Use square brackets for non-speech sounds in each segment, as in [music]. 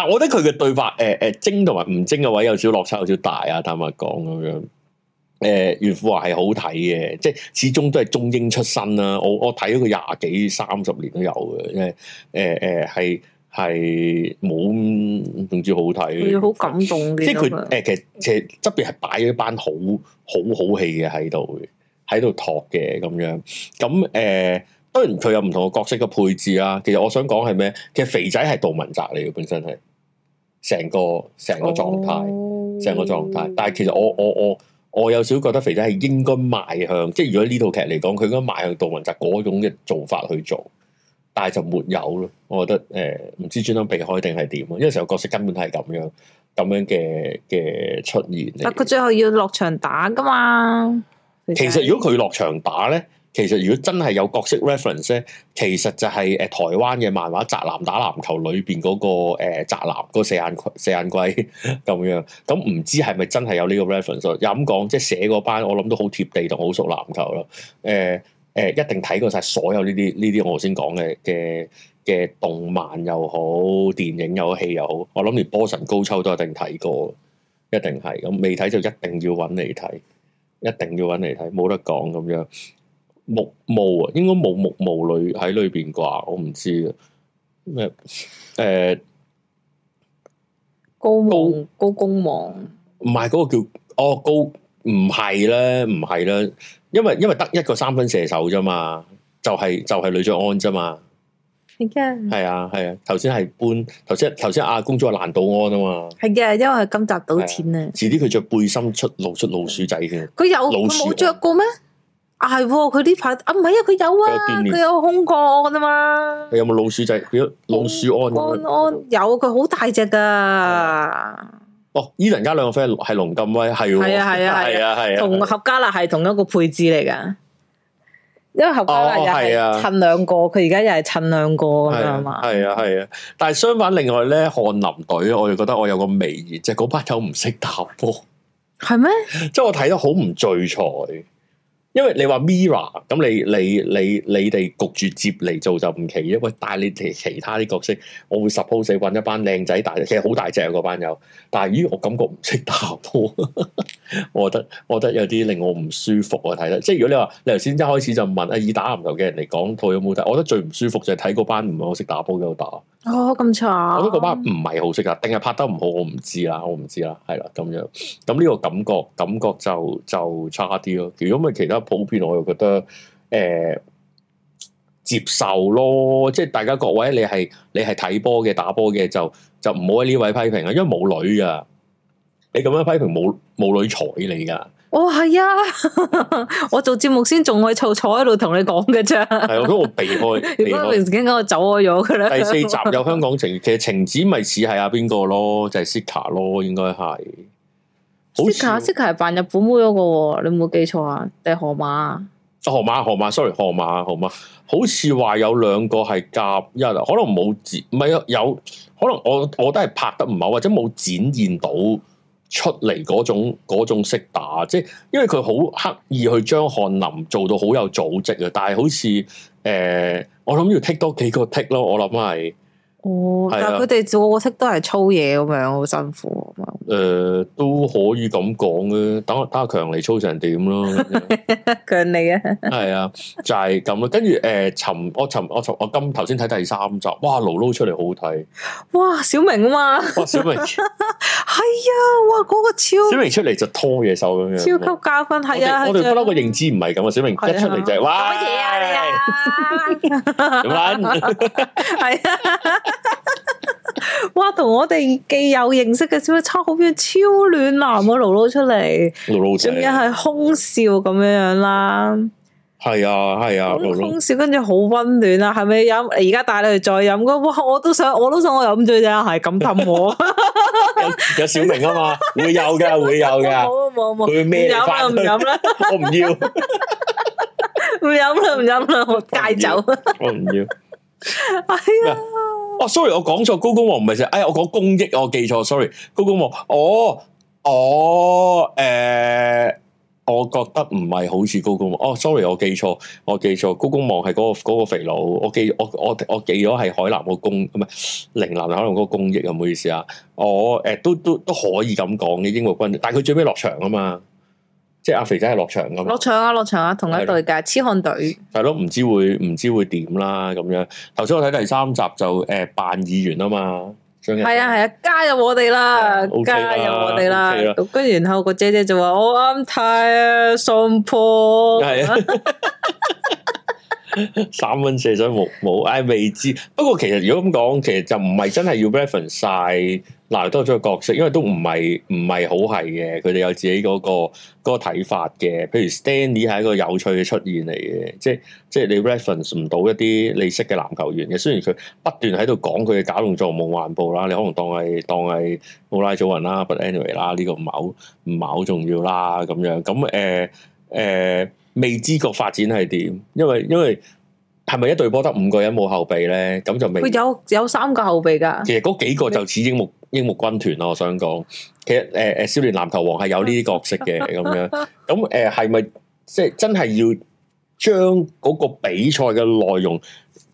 但我覺得佢嘅對白，誒、呃、誒精同埋唔精嘅位有少落差，有少大啊。坦白講咁樣，誒、呃、袁富華係好睇嘅，即係始終都係中英出身啦。我我睇咗佢廿幾三十年都有嘅，因為誒誒係係冇，唔、呃、知好睇，好感動嘅。即係佢誒其實其實側邊係擺咗一班好好好戲嘅喺度，喺度托嘅咁樣。咁誒、呃、當然佢有唔同嘅角色嘅配置啦。其實我想講係咩？其實肥仔係杜汶澤嚟嘅，本身係。成個成個狀態，成、oh. 個狀態。但係其實我我我我有少覺得肥仔係應該邁向，即係如果呢套劇嚟講，佢應該邁向杜汶澤嗰種嘅做法去做，但係就沒有咯。我覺得誒，唔、呃、知專登避開定係點啊？因為成個角色根本係咁樣咁樣嘅嘅出現。但佢最後要落場打噶嘛？其實如果佢落場打咧。.其實如果真係有角色 reference 咧，其實就係、是、誒、呃、台灣嘅漫畫《宅男打籃球，那個呃、球》裏邊嗰個宅男個四眼四眼龜咁樣。咁唔知係咪真係有呢個 reference？又咁講，即係寫嗰班我諗都好貼地同好熟籃球咯。誒誒，一定睇過晒所有呢啲呢啲我先講嘅嘅嘅動漫又好，電影又好戲又好，我諗連波神高秋都一定睇過，一定係咁，未睇就一定要揾嚟睇，一定要揾嚟睇，冇得講咁樣。木毛啊，應該冇木毛女喺裏邊啩，我唔知啊。咩？誒、那個哦，高毛高工毛？唔係嗰個叫哦高，唔係咧，唔係咧，因為因為得一個三分射手啫嘛，就係、是、就係呂爵安啫嘛。係嘅的，係啊係啊，頭先係搬頭先頭先阿公咗難到安啊嘛。係嘅，因為今集賭錢啊。遲啲佢着背心出露出老鼠仔嘅。佢有佢冇着過咩？係，佢呢排啊，唔係啊，佢、啊、有啊，佢有，點有空降啊嘛？你有冇老鼠仔？佢老鼠安安安有，佢好大隻噶。哦，伊頓加兩個 friend 係龍金威，係係啊係啊係啊係啊，同合家樂係同一個配置嚟噶。因為合家樂又係襯兩個，佢而家又係襯兩個咁樣嘛。係啊係啊，啊，但係相反，另外咧，翰林隊，我就覺得我有個微言，即係嗰班友唔識打波，係咩嗎？即係 [laughs] 我睇得好唔聚財。因為你話 Mirror 咁，你你你你哋焗住接嚟做就唔奇，因為帶你哋其他啲角色，我會 suppose 係揾一班靚仔，但其實好大隻嗰班友。但係咦，我感覺唔識打波，我覺得我覺得有啲令我唔舒服啊！睇得即係如果你話你頭先一開始就問啊，以打籃球嘅人嚟講，睇有冇睇？我覺得最唔舒服就係睇嗰班唔係好識打波嘅人打。哦，咁差！我呢個班唔係好識噶，定係拍得唔好，我唔知啦，我唔知啦，係啦，咁樣，咁呢個感覺，感覺就就差啲咯。如果咪其他普遍，我又覺得誒、欸、接受咯，即係大家各位，你係你係睇波嘅，打波嘅就就唔好喺呢位批評啊，因為冇女噶，你咁樣批評冇冇女睬你噶。哦、 [laughs] 我係啊， [laughs] 我做節目先，仲係坐坐喺度同你講嘅啫。係，如果好避開，如果平時驚我走開咗佢，咧，第四集有香港情， [laughs] 其實情子咪似係阿邊個咯，就係、是、s i k a 咯，應該係 s i k a s i k a 係扮日本妹嗰個，你冇記錯啊？定河馬？河馬河馬，sorry，河馬河馬，好似話有兩個係夾一，可能冇剪，唔係啊，有，有可能我我，我都係拍得唔好，或者冇展現到。出嚟嗰種嗰種識打，即係因為佢好刻意去將翰林做到好有組織啊，但係好似誒、呃，我諗要 take 多幾個 take a 咯，我諗係。哦，但係佢哋作息都係粗嘢咁樣，好辛苦。誒，都可以咁講嘅，等阿阿強嚟操成點咯。強你啊！係啊，就係咁咯。跟住誒，尋我尋我尋我日頭先睇第三集，哇，露露出嚟好好睇。哇，小明啊嘛，小明係啊，哇，嗰個超小明出嚟就拖嘢手咁樣，超級加分。係啊，我哋不嬲個認知唔係咁啊，小明一出嚟就係哇乜嘢啊？你係啊。哇，同我哋既有認識嘅，小妹差好遠，超暖男個露露出嚟，露露仔，仲有係哄笑咁樣樣啦。係啊，係啊，哄笑，跟住好溫暖啊，係咪飲？而家帶你去再飲嘅，哇，我都想，我都想，我又飲醉咋，係咁氹我。有小明啊嘛，會有嘅，會有嘅。冇冇冇，未飲啊。唔飲啦，我唔要。唔飲啦，唔飲啦，戒酒。我唔要。係啊。哦、oh,，sorry，我講錯，高公望唔係成，哎呀，我講公益，我記錯，sorry，高公望，哦，哦，誒，我覺得唔係好似高公望，哦、oh,，sorry，我記錯，我記錯，高公望係嗰個、那個肥佬，我記，我我我記咗係海南個公，唔係，嶺南海南嗰個公益啊，唔好意思啊，我、oh, 誒、eh,，都都都可以咁講嘅英國軍，但係佢最尾落場啊嘛。即係阿肥仔係落場咁，落場啊，落場啊，同一隊嘅的痴漢漢隊。係咯，唔知會唔知會點啦咁樣。頭先我睇第三集就誒扮議員啊嘛，係啊係啊，加入我哋啦，啊 okay、啦加入我哋啦。跟住然後個姐姐就話我啱太上破！」係三蚊四水冇冇，唉、哎、未知。不過其實如果咁講，其實就唔係真係要 reference 晒。 [laughs] [laughs] 嗱，多咗個角色，因為都唔係唔係好係嘅，佢哋有自己嗰個嗰個睇法嘅。譬如 Stanley 係一個有趣嘅出現嚟嘅，即係即係你 reference 唔到一啲你識嘅籃球員嘅。雖然佢不斷喺度講佢嘅假動作、夢幻步啦，你可能當係當係奧拉祖雲啦，But Anyway 啦，呢個唔係好唔係好重要啦咁樣。咁誒誒未知個發展係點？因為因為係咪一隊波得五個人冇後備咧？咁就未佢有有三個後備㗎。其實嗰幾個就似櫻木。櫻木軍團咯，我想講，其實誒誒、呃，少年籃球王係有呢啲角色嘅咁樣，樣，咁誒係咪即係真係要將嗰個比賽嘅內容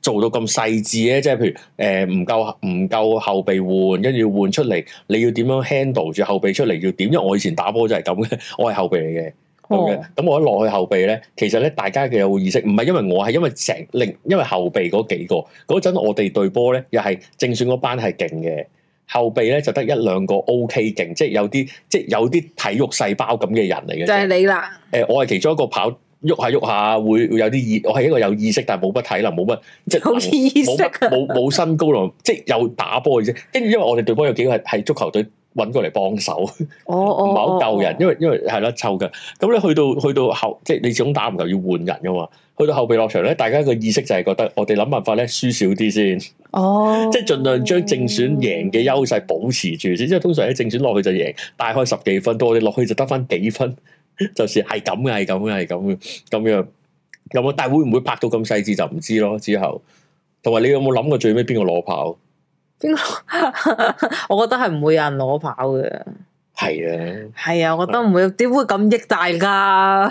做到咁細緻咧？即係譬如誒唔夠唔夠後備換，跟住換出嚟，你要點樣 handle 住後備出嚟要點？因為我以前打波就係咁嘅， [laughs] 我係後備嚟嘅，咁、哦、我一落去後備咧，其實咧大家嘅有意識，唔係因為我係，因為成另因為後備嗰幾個嗰陣我哋對波咧又係正選嗰班係勁嘅。後備咧就得一兩個 O K 勁，即係有啲即係有啲體育細胞咁嘅人嚟嘅。就係你啦。誒、呃，我係其中一個跑喐下喐下，會會有啲意。我係一個有意識，但係冇乜體能，冇乜即係冇意識，冇冇身高咯。 [laughs] 即係有打波嘅啫。跟住因為我哋隊波有幾個係係足球隊。揾過嚟幫手，唔係好救人，因為因為係啦，臭嘅。咁你去到去到後，即係你總打唔夠要換人噶嘛。去到後備落場咧，大家個意識就係覺得我哋諗辦法咧輸少啲先，oh, 即係盡量將正選贏嘅優勢保持住先。即係通常喺正選落去就贏，大概十幾分，到我哋落去就得翻幾分，就算係咁嘅，係咁嘅，係咁嘅，咁樣咁啊。但係會唔會拍到咁細致就唔知咯。之後同埋你有冇諗過最尾邊個攞炮？誰 [laughs] 我覺得係唔會有人攞跑嘅。係啊。係啊，我覺得唔會，點會咁益大噶？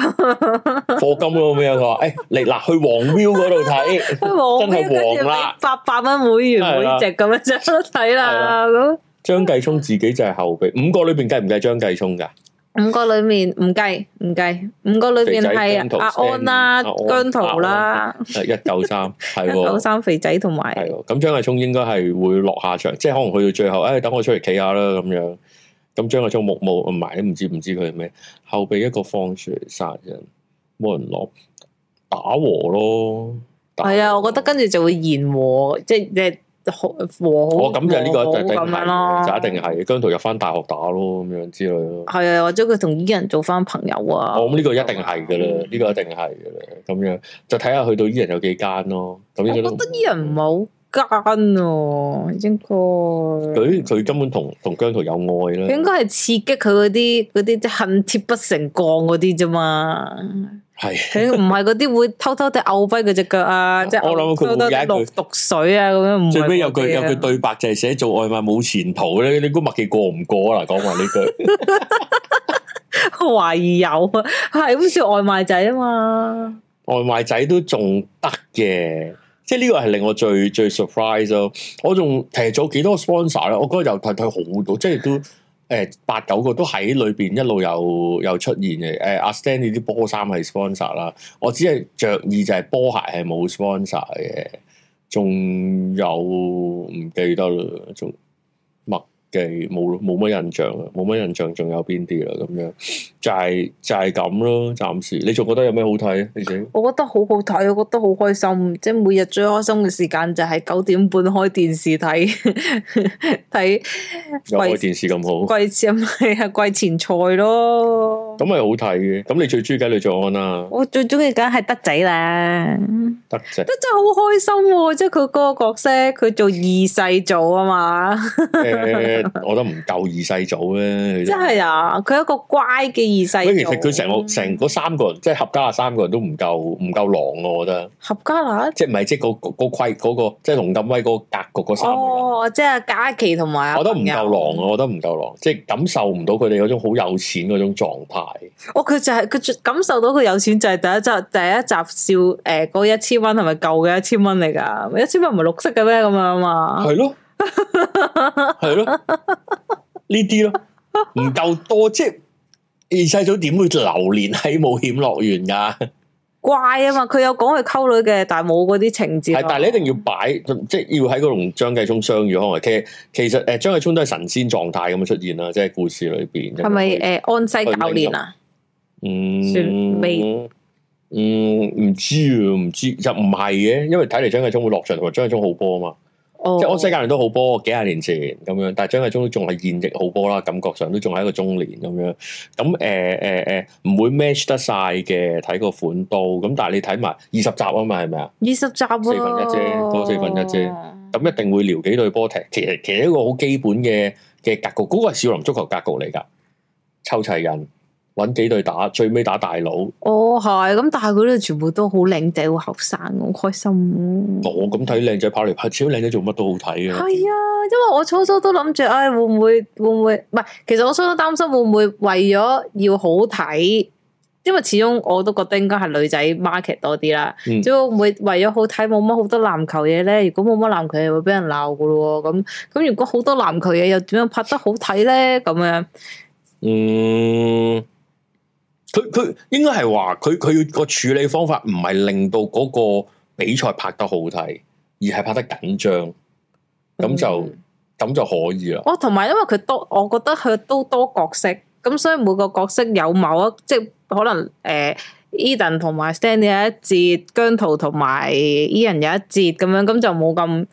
課 [laughs] 金咯咩？佢、欸、話，誒，嚟嗱，去黃 Viu 嗰度睇， [laughs] 去黃 Viu 真係黃啦，八百蚊會員每只咁樣就睇啦。張繼聰自己就係後備， [laughs] 五個裏邊計唔計張繼聰噶？五個裏面唔計唔計，五個裏面係阿安啦、姜濤啦，一九三係九三肥仔同埋係，咁張繼聰應該係會落下場，即係可能去到最後，誒、哎、等我出嚟企下啦咁樣。咁張繼聰木木唔係都唔知唔知佢係咩，後備一個放出嚟殺人，冇人落打和咯。係啊，我覺得跟住就會言和，即係。學我咁、哦、就呢、是、好個一定係，就一定係姜濤入翻大學打咯咁樣之類咯。係啊，或者佢同依人做翻朋友啊。我諗呢個一定係噶啦，呢、嗯、個一定係噶啦。咁樣就睇下去到依、e、人有幾間咯。咁依家都，我覺得依人唔好？奸哦，應該佢佢根本同同姜濤有愛啦。應該係刺激佢嗰啲啲即恨鐵不成鋼嗰啲啫嘛。係佢唔係嗰啲會偷偷地嘔跛佢隻腳啊， [laughs] 即係偷偷落毒水啊咁樣。最尾有句有句對白就係寫做外賣冇前途咧，你估麥記過唔過啊？嗱，講埋呢句，懷 [laughs] [laughs] 疑有啊，係好似外賣仔啊嘛。外賣仔都仲得嘅。即係呢個係令我最最 surprise 咯，我仲踢咗幾多 sponsor 咧，我覺得又睇睇好多，即係都誒、欸、八九個都喺裏邊一路又又出現嘅。誒、欸，阿 Stan 啲波衫係 sponsor 啦，我只係着意就係波鞋係冇 sponsor 嘅，仲有唔記得啦，仲。冇冇乜印象啊，冇乜印象，仲有邊啲啦？咁、就是就是、樣就係就係咁咯，暫時你仲覺得有咩好睇？你整？我覺得好好睇，我覺得好開心，即係每日最開心嘅時間就係九點半開電視睇睇。又 [laughs] 看開電視咁好？季前係季前賽、啊、咯，咁咪好睇嘅。咁你最中意、啊《雞你做案》啦？我最中意梗係德仔啦，德，姐德仔，德仔好開心、啊，即係佢嗰個角色，佢做二世祖啊嘛。 [laughs] 哎 [laughs] 我覺得唔夠二世祖咧，真係啊！佢、啊、一個乖嘅二世祖。佢其實佢成個成三個人，即係合家啊三個人都唔夠唔夠狼，我覺得。合家啊？即係唔係即係嗰嗰個規嗰個，即係、就是、龍咁威嗰格局嗰三個哦，即係嘉琪同埋。啊。我覺得唔夠狼，我覺得唔夠狼，即係感受唔到佢哋嗰種好有錢嗰種狀態。我佢、哦、就係、是、佢感受到佢有錢就係第一集，第一集笑誒嗰一千蚊係咪舊嘅一千蚊嚟㗎？一千蚊唔係綠色嘅咩咁樣嘛？係咯 [laughs] 係咯，呢啲咯，唔夠多，即係二世祖點會流連喺冒險樂園噶？怪啊嘛，佢有講佢溝女嘅，但係冇嗰啲情節。係，但係你一定要擺，即係要喺度同張繼聰相遇。可能其其實誒，張繼聰都係神仙狀態咁嘅出現啦，即係故事裏邊係咪誒安西教練啊？嗯，未、嗯，嗯，唔知唔知就唔係嘅，因為睇嚟張繼聰會落場同埋張繼聰好波啊嘛。哦、即係我世界人都好波，幾廿年前咁樣，但係張繼聰都仲係現役好波啦，感覺上都仲係一個中年咁樣。咁誒誒誒，唔、欸欸欸、會 match 得晒嘅睇個款度。咁但係你睇埋二十集啊嘛，係咪啊？二十集四分一啫，多四分一啫。咁一定會撩幾對波踢。其實其實一個好基本嘅嘅格局，嗰、那個係少林足球格局嚟㗎，抽齊人。搵幾隊打，最尾打大佬。哦，係咁，但係佢咧全部都好靚仔，好後生，好開心，啊。我咁睇靚仔跑嚟拍，始終靚仔做乜都好睇嘅，啊。係啊，因為我初初都諗住，誒、哎，會唔會會唔會？唔係，其實我初初擔心會唔會為咗要好睇，因為始終我都覺得應該係女仔 market 多啲啦。即、嗯、只要唔會為咗好睇，冇乜好多籃球嘢咧。如果冇乜籃球，又會俾人鬧噶咯。咁咁，如果好多籃球嘢，又點樣拍得好睇咧？咁樣，嗯。佢佢應該係話佢佢嘅個處理方法唔係令到嗰個比賽拍得好睇，而係拍得緊張，咁就咁、嗯、就可以啦。哇、哦！同埋因為佢多，我覺得佢都多角色，咁所以每個角色有某一即係可能誒、呃、，Eden 同埋 Stanley 有一節，姜濤同埋 Ian 有一節咁樣，咁就冇咁。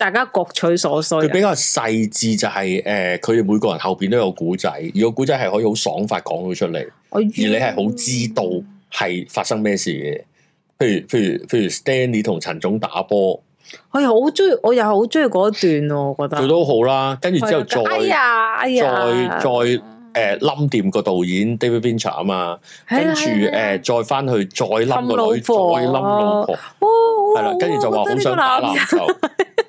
大家各取所需，啊。佢比較細緻就係、是、誒，佢哋、呃、每個人後邊都有古仔，如果古仔係可以好爽快講到出嚟。Oh, yeah. 而你係好知道係發生咩事嘅，譬如譬如譬如 Stanley 同陳總打波，佢又好中意，我又好中意嗰一段，啊，我覺得。佢都好啦，啊，跟住之後再，哎呀，哎呀，再再誒冧掂個導演 David Fincher 啊嘛，跟住誒再返去再冧個女，再冧老婆。係啦，跟住、哦、就話好想打籃球，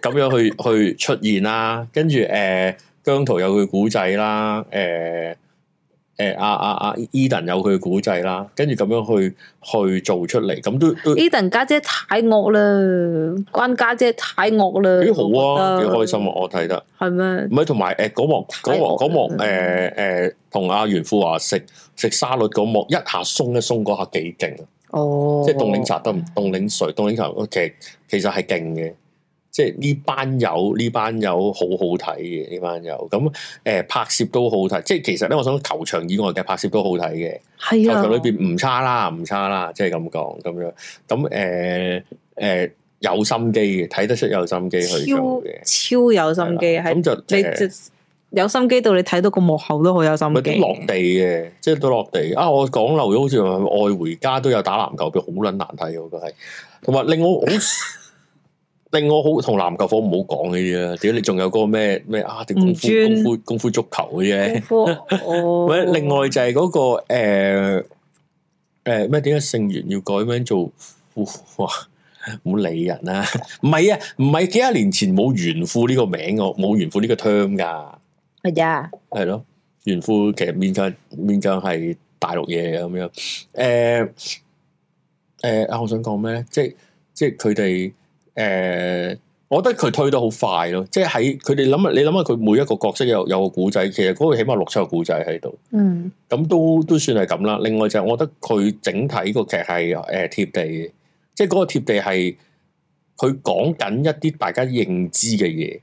咁樣去 [laughs] 去出現啦。跟住誒，姜濤有佢古仔啦，誒誒阿阿阿伊登有佢古仔啦。跟住咁樣去去做出嚟，咁都都。伊登家姐太惡啦，關家姐，姐太惡啦。幾好啊，幾開心啊，我睇得係咩？唔係同埋誒，嗰幕嗰幕誒誒，同阿、呃呃、袁富華食食沙律嗰幕，一下鬆一鬆嗰下幾勁啊！哦、oh.，即係凍檸茶得，凍檸水，凍檸茶其實其實係勁嘅，即係呢班友呢班友好好睇嘅，呢班友咁誒拍攝都好睇，即係其實咧，我想球場以外嘅拍攝都好睇嘅，啊、嗯，球場裏邊唔差啦，唔差啦，即係咁講咁樣，咁誒誒有心機嘅，睇得出有心機去做嘅，超有心機，咁的是就你、呃有心機到你睇到個幕後都好有心機，落地嘅，即係都落地，都落地啊！我講漏咗，好似愛回家都有打籃球嘅，好撚難睇，我覺得係，同埋令我好， [laughs] 令我好同籃球科唔好講嘅嘢。啦。點解你仲有嗰個咩咩啊？定功夫功夫功夫足球嘅？啲咧？唔、oh. [laughs] 另外就係嗰、那個誒誒咩？點、呃、解、呃、姓元要改名做富華？唔、呃、好理人啦，唔係啊，唔 [laughs] 係、啊、幾多年前冇袁富呢個名冇袁富呢個 term 噶。係啊，係咯 Yeah.，袁富其實面向面向係大陸嘢咁樣，誒、呃、誒、呃，我想講咩咧？即係即係佢哋，誒、呃，我覺得佢推得好快咯。即係喺佢哋諗下，你諗下佢每一個角色有有個古仔，其實嗰個起碼六七個古仔喺度，嗯、mm.，咁都都算係咁啦。另外就係我覺得佢整體個劇係誒貼地嘅，即係嗰個貼地係佢講緊一啲大家認知嘅嘢。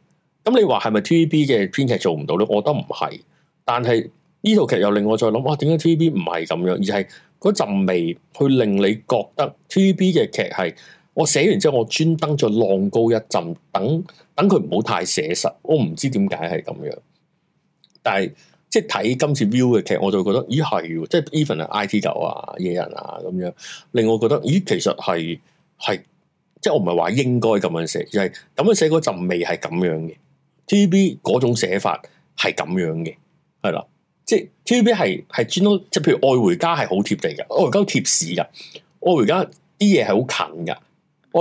咁你話係咪 TVB 嘅編劇做唔到咧？我覺得唔係，但係呢套劇又令我再諗，哇、啊，點解 TVB 唔係咁樣？而係嗰陣味，去令你覺得 TVB 嘅劇係我寫完之後，我專登再浪高一陣，等等佢唔好太寫實。我唔知點解係咁樣，但係即係睇今次 Viu 嘅劇，我就覺得咦係，即係 even 係啊 IT 狗啊野人啊咁樣，令我覺得咦其實係係即係我唔係話應該咁樣寫，就係咁樣寫嗰陣味係咁樣嘅。T V B 嗰種寫法係咁樣嘅，係啦，即係 T V B 係係專登即係譬如愛《愛回家》係好貼地嘅，《愛回家》貼市噶，《愛回家》啲嘢係好近噶，《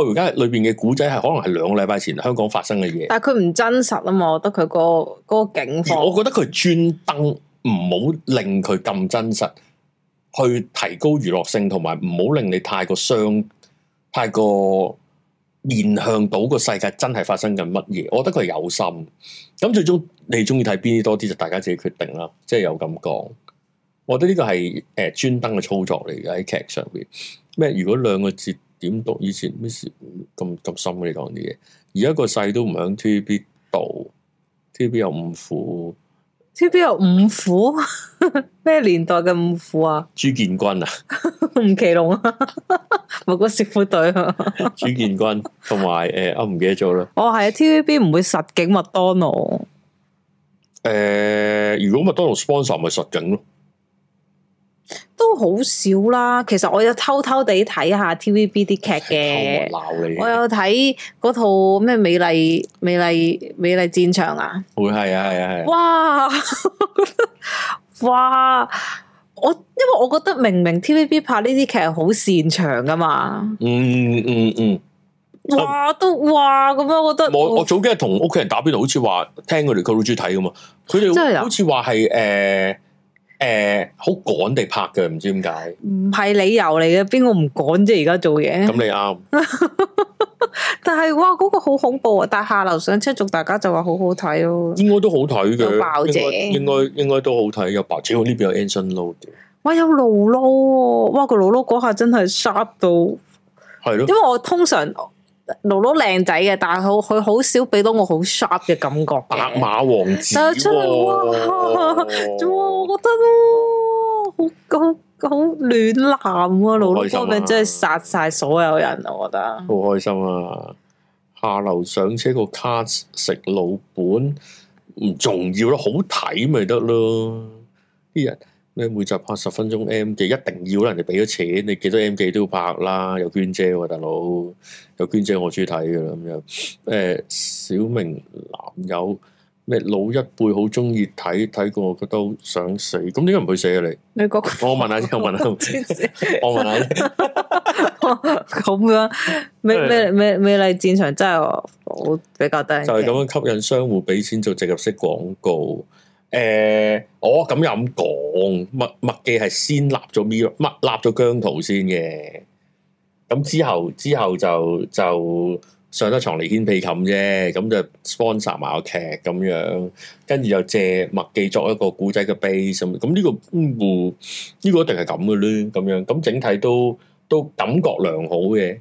愛回家》裏邊嘅古仔係可能係兩個禮拜前香港發生嘅嘢，但係佢唔真實啊嘛，那個那個、我覺得佢個個景我覺得佢專登唔好令佢咁真實，去提高娛樂性，同埋唔好令你太過傷太過。面向到個世界真係發生緊乜嘢？我覺得佢係有心，咁最終你中意睇邊啲多啲就大家自己決定啦。即係有咁講，我覺得呢個係誒專登嘅操作嚟嘅喺劇上邊。咩？如果兩個節點讀以前咩事咁咁深嘅你講啲嘢，而家個世都唔響 TVB 度 TVB 又唔苦。T V B 有五虎咩？ [laughs] 年代嘅五虎啊？朱建軍啊，吳奇隆啊，冇個食貨隊啊。 [laughs] 朱建軍同埋誒，我唔記得咗啦。哦係啊，T V B 唔會實景麥當勞。誒、呃，如果麥當勞 sponsor 咪實景咯。好少啦，其實我有偷偷地睇下 TVB 啲劇嘅，我，你我有睇嗰套咩美麗美麗美麗戰場啊，會係啊係啊係，啊哇 [laughs] 哇，我因為我覺得明明 TVB 拍呢啲劇好擅長噶嘛，嗯嗯嗯，嗯嗯嗯哇我都哇咁樣，我覺得我我，我早幾日同屋企人打邊爐，好似話聽佢哋佢 a l l 睇噶嘛。佢哋好似話係誒。呃誒，好趕、呃、地拍嘅，唔知點解。唔係理由嚟嘅，邊個唔趕啫？而家做嘢。咁你啱。但係哇，嗰、那個好恐怖啊！但下流上車族大家就話好、啊、好睇咯爆。應該都好睇嘅，爆正。應該應該都好睇，有白超呢邊有 Anson Lo。哇！有露撈，哇！個露撈嗰下真係 sharp 到。係咯。因為我通常。盧盧靚仔嘅，但係佢佢好少俾到我好 sharp 嘅感覺。白馬王子但，但係出嚟哇，哈哈我覺得都、啊、好好好，好，好暖男啊！盧盧嗰名真係殺晒所有人，我覺得。好開心啊！下樓上車個卡食老本唔重要咯，好睇咪得咯，啲人。你每集拍十分鐘 M 記，一定要啦！人哋俾咗錢，你幾多 M 記都要拍啦！有娟姐喎、啊，大佬有娟姐我中意睇噶啦咁樣。誒、嗯呃，小明男友咩？老一輩好中意睇睇過，我覺得好想死。咁點解唔去死啊？你你、那個、我問下先，我問下，我問，問下咁樣咩咩咩美麗戰場真係我比較低，就係咁樣吸引商戶俾錢做植入式廣告。誒，我咁又咁講，麥麥記係先立咗咪立咗姜濤先嘅，咁之後之後就就上咗床嚟，掀被冚啫，咁就 sponsor 埋個劇咁樣，跟住又借麥記作一個古仔嘅 base 咁，咁呢、呢個呢、呢個一定係咁嘅咧，咁樣咁整體都都感覺良好嘅，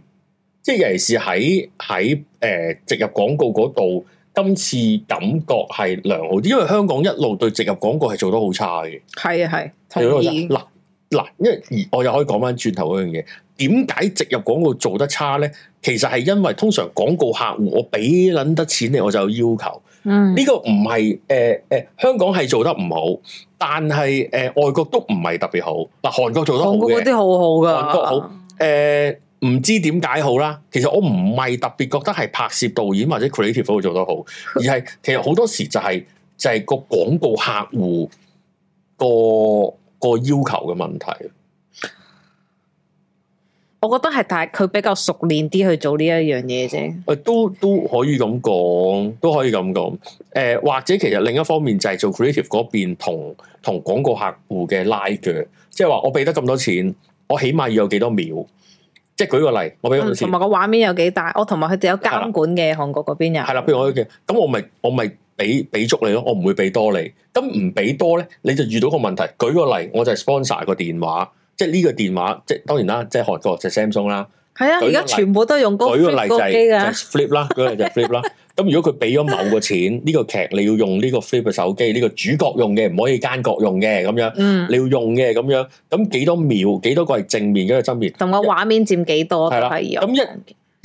即係尤其是喺喺誒植入廣告嗰度。今次感覺係良好啲，因為香港一路對植入廣告係做得好差嘅。係啊，係。所以嗱嗱，因為我又可以講翻轉頭嗰樣嘢，點解植入廣告做得差咧？其實係因為通常廣告客戶我俾撚得錢咧，我就有要求。嗯。呢個唔係誒誒，香港係做得唔好，但係誒、呃、外國都唔係特別好。嗱，韓國做得嘅，韓國嗰啲好好噶，韓國好誒。呃唔知點解好啦，其實我唔係特別覺得係拍攝導演或者 creative 嗰度做得好， [laughs] 而係其實好多時就係、是、就係、是、個廣告客戶個個要求嘅問題。我覺得係，但佢比較熟練啲去做呢一樣嘢啫。誒，都都可以咁講，都可以咁講。誒、呃，或者其實另一方面就係做 creative 嗰邊同同廣告客戶嘅拉鋸，即係話我俾得咁多錢，我起碼要有幾多秒。即係舉個例，我俾個例子。同埋個畫面有幾大，我同埋佢哋有監管嘅的韓國嗰邊又係啦。譬如我嘅，咁、嗯、我咪我咪俾俾足你咯，我唔會俾多你。咁唔俾多咧，你就遇到個問題。舉個例，我就係 sponsor 個電話，即係呢個電話，即係當然啦，即係韓國就 Samsung 啦。係啊，而家全部都用嗰個舉個例就係、Flip 啦、啊，Flip，舉個例就 Flip 啦。 [laughs] 咁如果佢俾咗某個錢呢 [laughs] 個劇，你要用呢個 Flip 手機，呢、這個主角用嘅，唔可以奸角用嘅，咁樣、嗯、你要用嘅，咁樣咁幾多秒，幾多個係正面，幾多係側面，同個畫面佔幾多係咁的一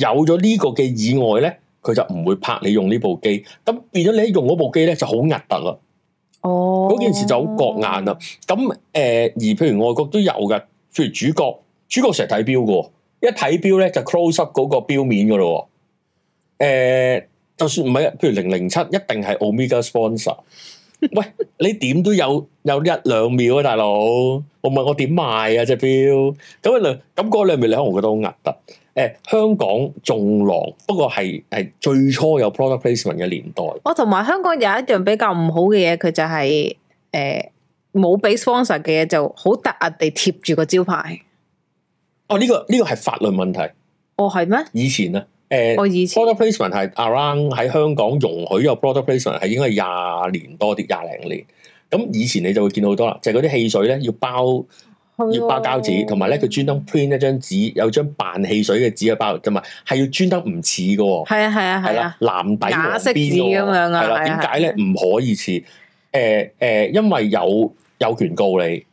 有咗呢個嘅意外咧，佢就唔會拍你用呢部機，咁變咗你喺用嗰部機咧就好核突啦。哦，嗰件事就好覺眼啦。咁誒、呃，而譬如外國都有噶，譬如主角，主角成日睇表噶，一睇表咧就 close up 嗰個表面噶咯。誒。就算唔係，譬如零零七，一定係 Omega sponsor。喂， [laughs] 你點都有有一兩秒啊，大佬。我問我點賣啊，隻表咁兩咁嗰兩秒，你可能覺得好壓突。誒，香港仲狼，不過係係最初有 product placement 嘅年代。我同埋香港有一樣比較唔好嘅嘢，佢就係誒冇俾 sponsor 嘅嘢，就好突兀地貼住個招牌。哦，呢個呢個係法律問題。哦，係咩？以前啊。誒，以前 product placement 係 around 喺香港容許個 product placement 係應該廿年多啲，廿零年。咁以前你就會見到好多啦，就係嗰啲汽水咧要包要包膠紙，同埋咧佢專登 print 一張紙，有張扮汽水嘅紙嘅包啫嘛，係要專登唔似嘅喎。係啊係啊係啊，藍底黃色字咁樣啊，係啦。點解咧？唔可以似誒誒，因為有有權告你，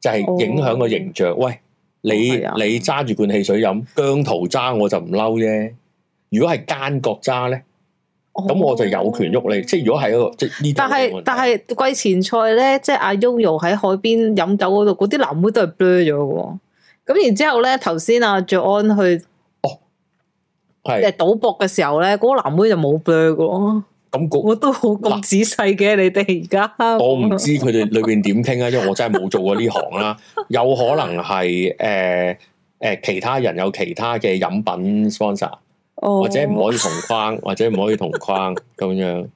就係影響個形象。喂，你你揸住罐汽水飲，姜濤揸我就唔嬲啫。如果係奸角渣咧，咁、哦、我就有權喐你。即係如果係一個即個但係但係季前賽咧，即係阿 Uro 喺海邊飲酒嗰度，嗰啲藍妹都係 blur 咗嘅。咁然之後咧，頭先阿 Joan 去哦，係賭博嘅時候咧，嗰、嗰個藍妹就冇 blur 咯。咁我我都好咁仔細嘅，你哋而家我唔知佢哋裏邊點傾啊， [laughs] 因為我真係冇做過呢行啦。有可能係誒誒其他人有其他嘅飲品 sponsor。或者唔可以同框， [laughs] 或者唔可以同框咁樣。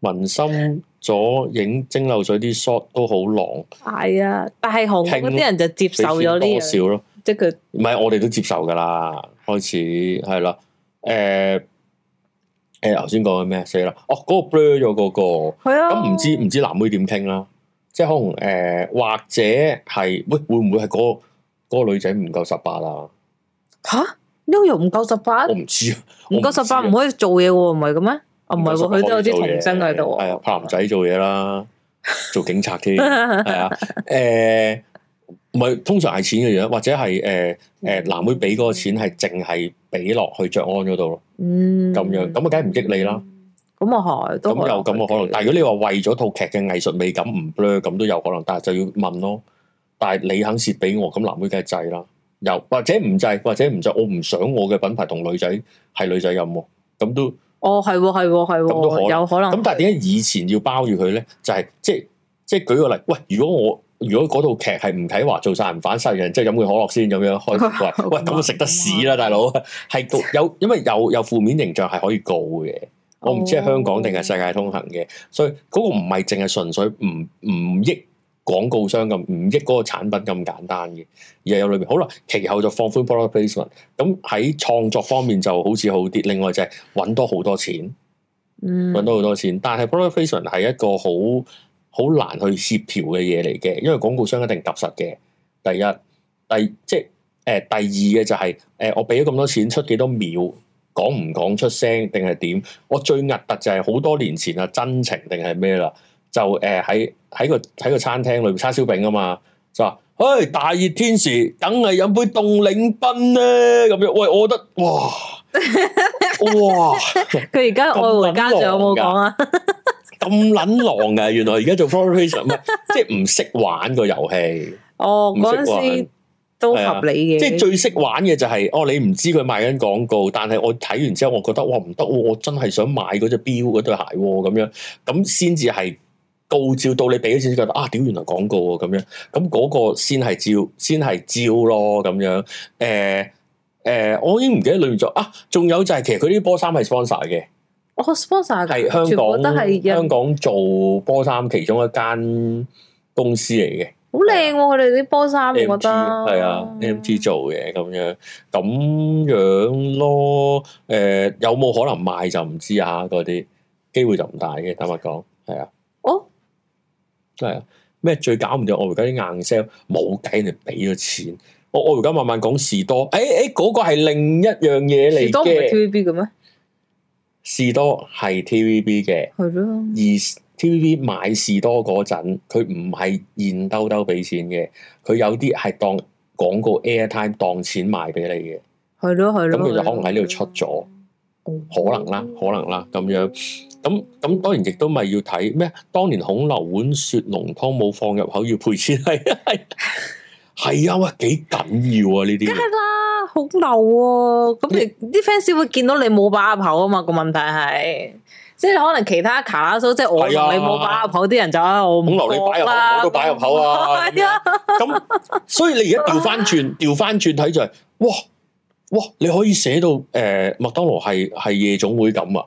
文心咗影蒸餾水啲 shot 都好狼。係啊、哎，但係可能啲人就接受咗呢樣少咯，即係佢唔係我哋都接受噶啦。開始係啦，誒誒，頭先講緊咩死啦？哦，嗰、那個 blurred 咗嗰個，係啊，咁唔知唔知男妹點傾啦？即係可能誒、呃，或者係喂，會唔會係嗰嗰個女仔唔夠十八啊？吓、啊！呢個唔夠十八？我唔知啊，唔夠十八唔可以做嘢喎，唔係嘅咩？唔係喎，佢都有啲童真喺度。係、嗯、啊，拍男仔做嘢啦， [laughs] 做警察添係啊？誒、欸，唔係通常係錢嘅樣，或者係誒誒，藍妹俾嗰個錢係淨係俾落去着安嗰度咯。嗯，咁、嗯、麼樣咁啊，梗係唔激你啦。咁我都。咁又咁啊，可能。但係如果你話為咗套劇嘅藝術美感唔咧，咁都有可能。但係就要問咯。但係你肯蝕俾我，咁藍妹梗係制啦。又或者唔制，或者唔制，就是就是，我唔想我嘅品牌同女仔係女仔飲喎，咁都哦，係喎、啊，係喎、啊，係喎、啊，都可有可能，咁但係點解以前要包住佢咧？就係、是、即係即係舉個例，喂，如果我如果嗰套劇係唔睇話，做晒人反殺人，即係飲杯可樂先咁樣開，喂 [laughs] 喂，咁食得屎啦，大佬，係告有，因為有有負面形象係可以告嘅，我唔知係香港定係世界通行嘅，所以嗰個唔係淨係純粹唔唔益。廣告商咁唔益嗰個產品咁簡單嘅，而係有裏面好啦。其後就放寬 product placement，咁、嗯、喺創作方面就好似好啲。另外就係揾多好多錢，揾多好多錢。但係 product placement 係一個好好難去協調嘅嘢嚟嘅，因為廣告商一定夾實嘅。第一，第即係誒、呃，第二嘅就係、是、誒、呃，我俾咗咁多錢出幾多秒，講唔講出聲定係點？我最核突就係好多年前啊，真情定係咩啦？就誒喺喺個喺個餐廳裏邊叉燒餅啊嘛，就話，誒，大熱天時，梗係飲杯凍檸賓咧，咁樣。喂，我覺得，哇，哇，佢而家愛護家長有冇講啊？咁捻狼噶。 [laughs] 原來而家做 floor rotation 咁，即係唔識玩個遊戲。哦、oh，嗰陣時都合理嘅，即係最識玩嘅就係、是，哦，你唔知佢賣緊廣告，但係我睇完之後，我覺得，哇，唔得，我真係想買嗰隻錶，嗰對鞋咁樣，咁先至係。告照到你俾咗錢覺、啊、那那先覺得啊，屌原來廣告啊咁樣，咁嗰個先係招，先係招咯咁樣。誒誒，我已經唔記得裏面做啊，仲有就係其實佢啲波衫係 sponsor 嘅，我 sponsor 係香港，都係香港做波衫其中一間公司嚟嘅，好靚喎！佢哋啲波衫我覺得係啊，M G 做嘅咁樣，咁樣咯。誒、欸，有冇可能賣就唔知啊？嗰啲機會就唔大嘅，坦白講係啊。係啊，咩最搞唔掂？我而家啲硬 sell 冇計，人哋俾咗錢。我我而家慢慢講士多，誒、哎、誒，嗰、哎那個係另一樣嘢嚟嘅。士多係 T V B 嘅咩？士多係 T V B 嘅。係咯的。而 T V B 買士多嗰陣，佢唔係現兜兜俾錢嘅，佢有啲係當廣告 airtime 當錢賣俾你嘅。係咯係咯。咁佢就可能喺呢度出咗，嗯、可能啦，可能啦，咁樣。咁咁，當然亦都咪要睇咩？當年孔劉碗雪濃湯冇放入口要賠錢，係係係啊！哇，幾緊要啊？呢啲梗係啦，孔劉啊！咁你啲 fans 會見到你冇擺入口啊嘛？個問題係，即係可能其他卡拉蘇即係我，你冇擺入口啲人就啊，就我孔劉你擺入口，我都擺入口啊！咁所以你而家調翻轉，調翻轉睇就係、是、哇哇，你可以寫到誒麥、欸、當勞係係夜總會咁啊！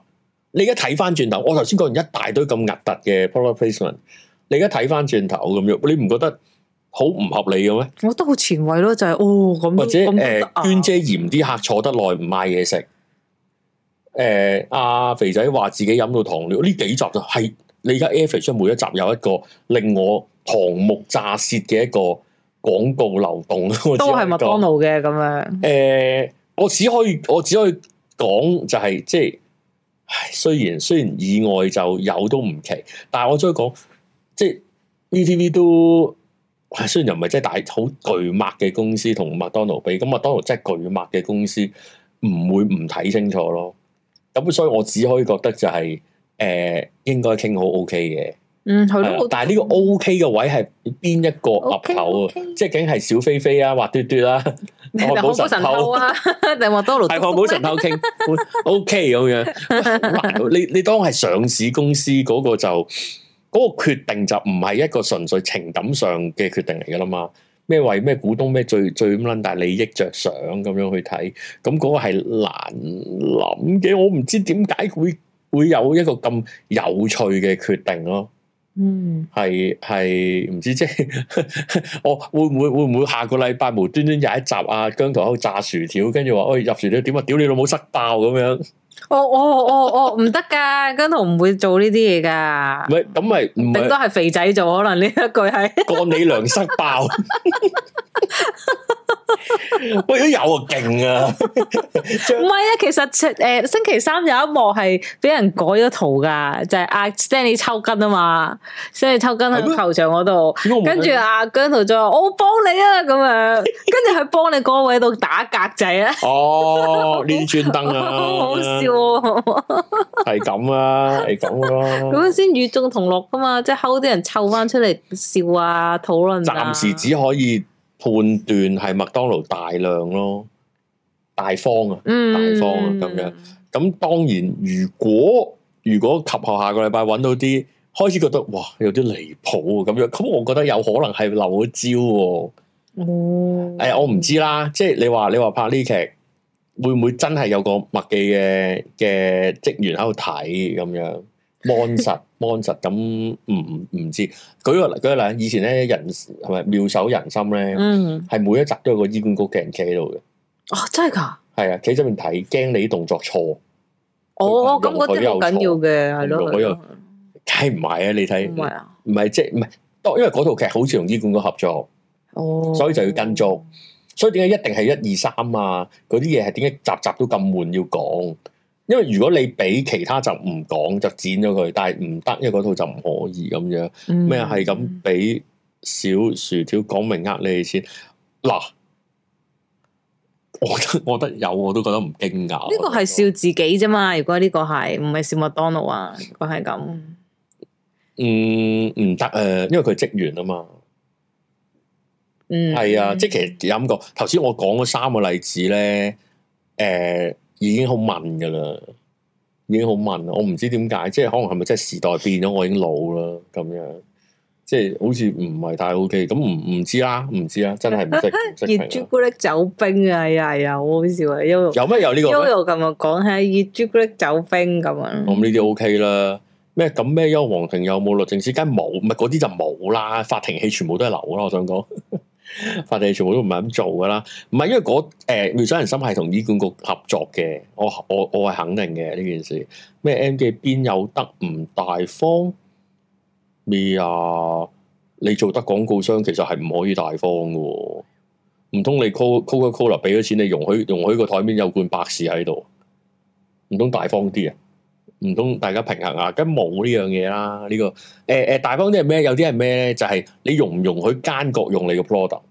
你而家睇翻轉頭，我頭先講完一大堆咁核突嘅 product placement，你而家睇翻轉頭咁、就是哦、樣，你唔覺得好唔合理嘅咩？我覺得好前衛咯，就係哦咁。或者誒、啊呃，娟姐嫌啲客坐得耐唔買嘢食。誒、呃，阿、啊、肥仔話自己飲到糖尿。呢幾集就係你而家 Air Fresh 每一集有一個令我瞠目咋舌嘅一個廣告流動。都係麥當勞嘅咁樣。誒 [laughs] 呃，我只可以我只可以講就係、是、即係。唉，雖然雖然意外就有都唔奇，但係我再講，即係 ViuTV 都雖然又唔係即係大好巨擘嘅公司，同麥當勞比，咁麥當勞真係巨擘嘅公司，唔會唔睇清楚咯。咁所以我只可以覺得就係、是、誒、呃、應該傾好 O K 嘅。嗯，係咯，但係呢個 O K 嘅位係邊一個岌頭啊？Okay, okay 即係竟係小飛飛啊，滑嘟嘟啦、啊，破釜神偷啊，定麥當勞？係破釜神偷傾 O K 咁樣。你你當係上市公司嗰個就嗰、那個決定就唔係一個純粹情感上嘅決定嚟噶啦嘛？咩為咩股東咩最最咁撚大利益着想咁樣去睇？咁、那、嗰個係難諗嘅。我唔知點解會會有一個咁有趣嘅決定咯。嗯，係係，唔知，即係我會唔會會唔會下個禮拜無端端有一集啊？姜濤喺度炸薯條，跟住話喂，入薯條點啊？屌你老母塞爆咁樣！我我我我唔得噶，姜濤唔會做呢啲嘢噶。唔係咁，咪頂多係肥仔做，可能呢一句係過你娘塞爆。喂，都有啊，勁啊！唔係啊，其實誒，星期三有一幕係俾人改咗圖噶，就係阿 Stanley 抽筋啊嘛，Stanley 抽筋喺球場嗰度，跟住阿姜濤話我幫你啊，咁樣，跟住佢幫你個位度打格仔啊，哦，呢串燈啊，好好笑啊，係咁啊，係咁咯，咁先與眾同樂噶嘛，即係 hold 啲人湊翻出嚟笑啊、討論，暫時只可以。判斷係麥當勞大量咯，大方啊，大方啊咁樣。咁當然，如果如果及後下個禮拜揾到啲，開始覺得哇有啲離譜咁樣，咁我覺得有可能係漏咗招喎、啊嗯哎。我唔知啦，即係你話你話拍呢劇會唔會真係有個麥記嘅嘅職員喺度睇咁樣安實。 [laughs] 安實咁唔唔知，舉個舉個例，以前咧人係咪妙手仁心咧，係每一集都有個醫管局嘅人企喺度嘅。哦，真係噶？係啊，企出面睇，驚你啲動作錯。哦，咁嗰又，好、哦、緊要嘅，係、嗯、咯。睇唔埋啊？你睇唔係啊？唔係即係唔係？多因為嗰套劇好似同醫管局合作，哦，所以就要跟足。所以點解一定係一二三啊？嗰啲嘢係點解集集都咁悶要講？因為如果你俾其他就唔講就剪咗佢，但係唔得，因為嗰套就唔可以咁樣。咩係咁俾小薯條講明呃你哋先嗱，我覺得我覺得有，我都覺得唔驚訝。呢個係笑自己啫嘛，如果呢個係唔係笑麥當勞啊？如果係咁，啊、嗯唔得誒，因為佢職員啊嘛。嗯，係啊，即係其實有咁講。頭先我講嗰三個例子咧，誒、呃。已經好悶噶啦已經好悶，我唔知點解，即係可能係咪即係時代變咗，我已經老啦，咁樣，即係好似唔係太 O K，咁唔唔知啦，唔知啦，真係唔識。熱朱古力走冰啊、哎、呀、哎、呀，好笑啊！悠悠有咩有呢個？悠悠今日講起熱朱古力走冰咁樣，咁呢啲 O K 啦。咩咁咩？幽皇庭有冇律政司？梗係冇，唔係嗰啲就冇啦。法庭戲全部都係流啦，我想講。法律全部都唔係咁做噶啦，唔係，因為嗰、誒苗山人心係同醫管局合作嘅，我我我係肯定嘅呢件事。咩 M 記邊有得唔大方咩啊？你做得廣告商，其實係唔可以大方嘅。唔通你 Coca-Cola 俾咗錢，你容許容許個台面有罐百事喺度，唔通大方啲啊？唔通大家平衡啊？梗冇呢樣嘢啦，呢、這個誒誒、呃呃，大方啲係咩？有啲係咩咧？就係、是、你容唔容許奸角用你個 product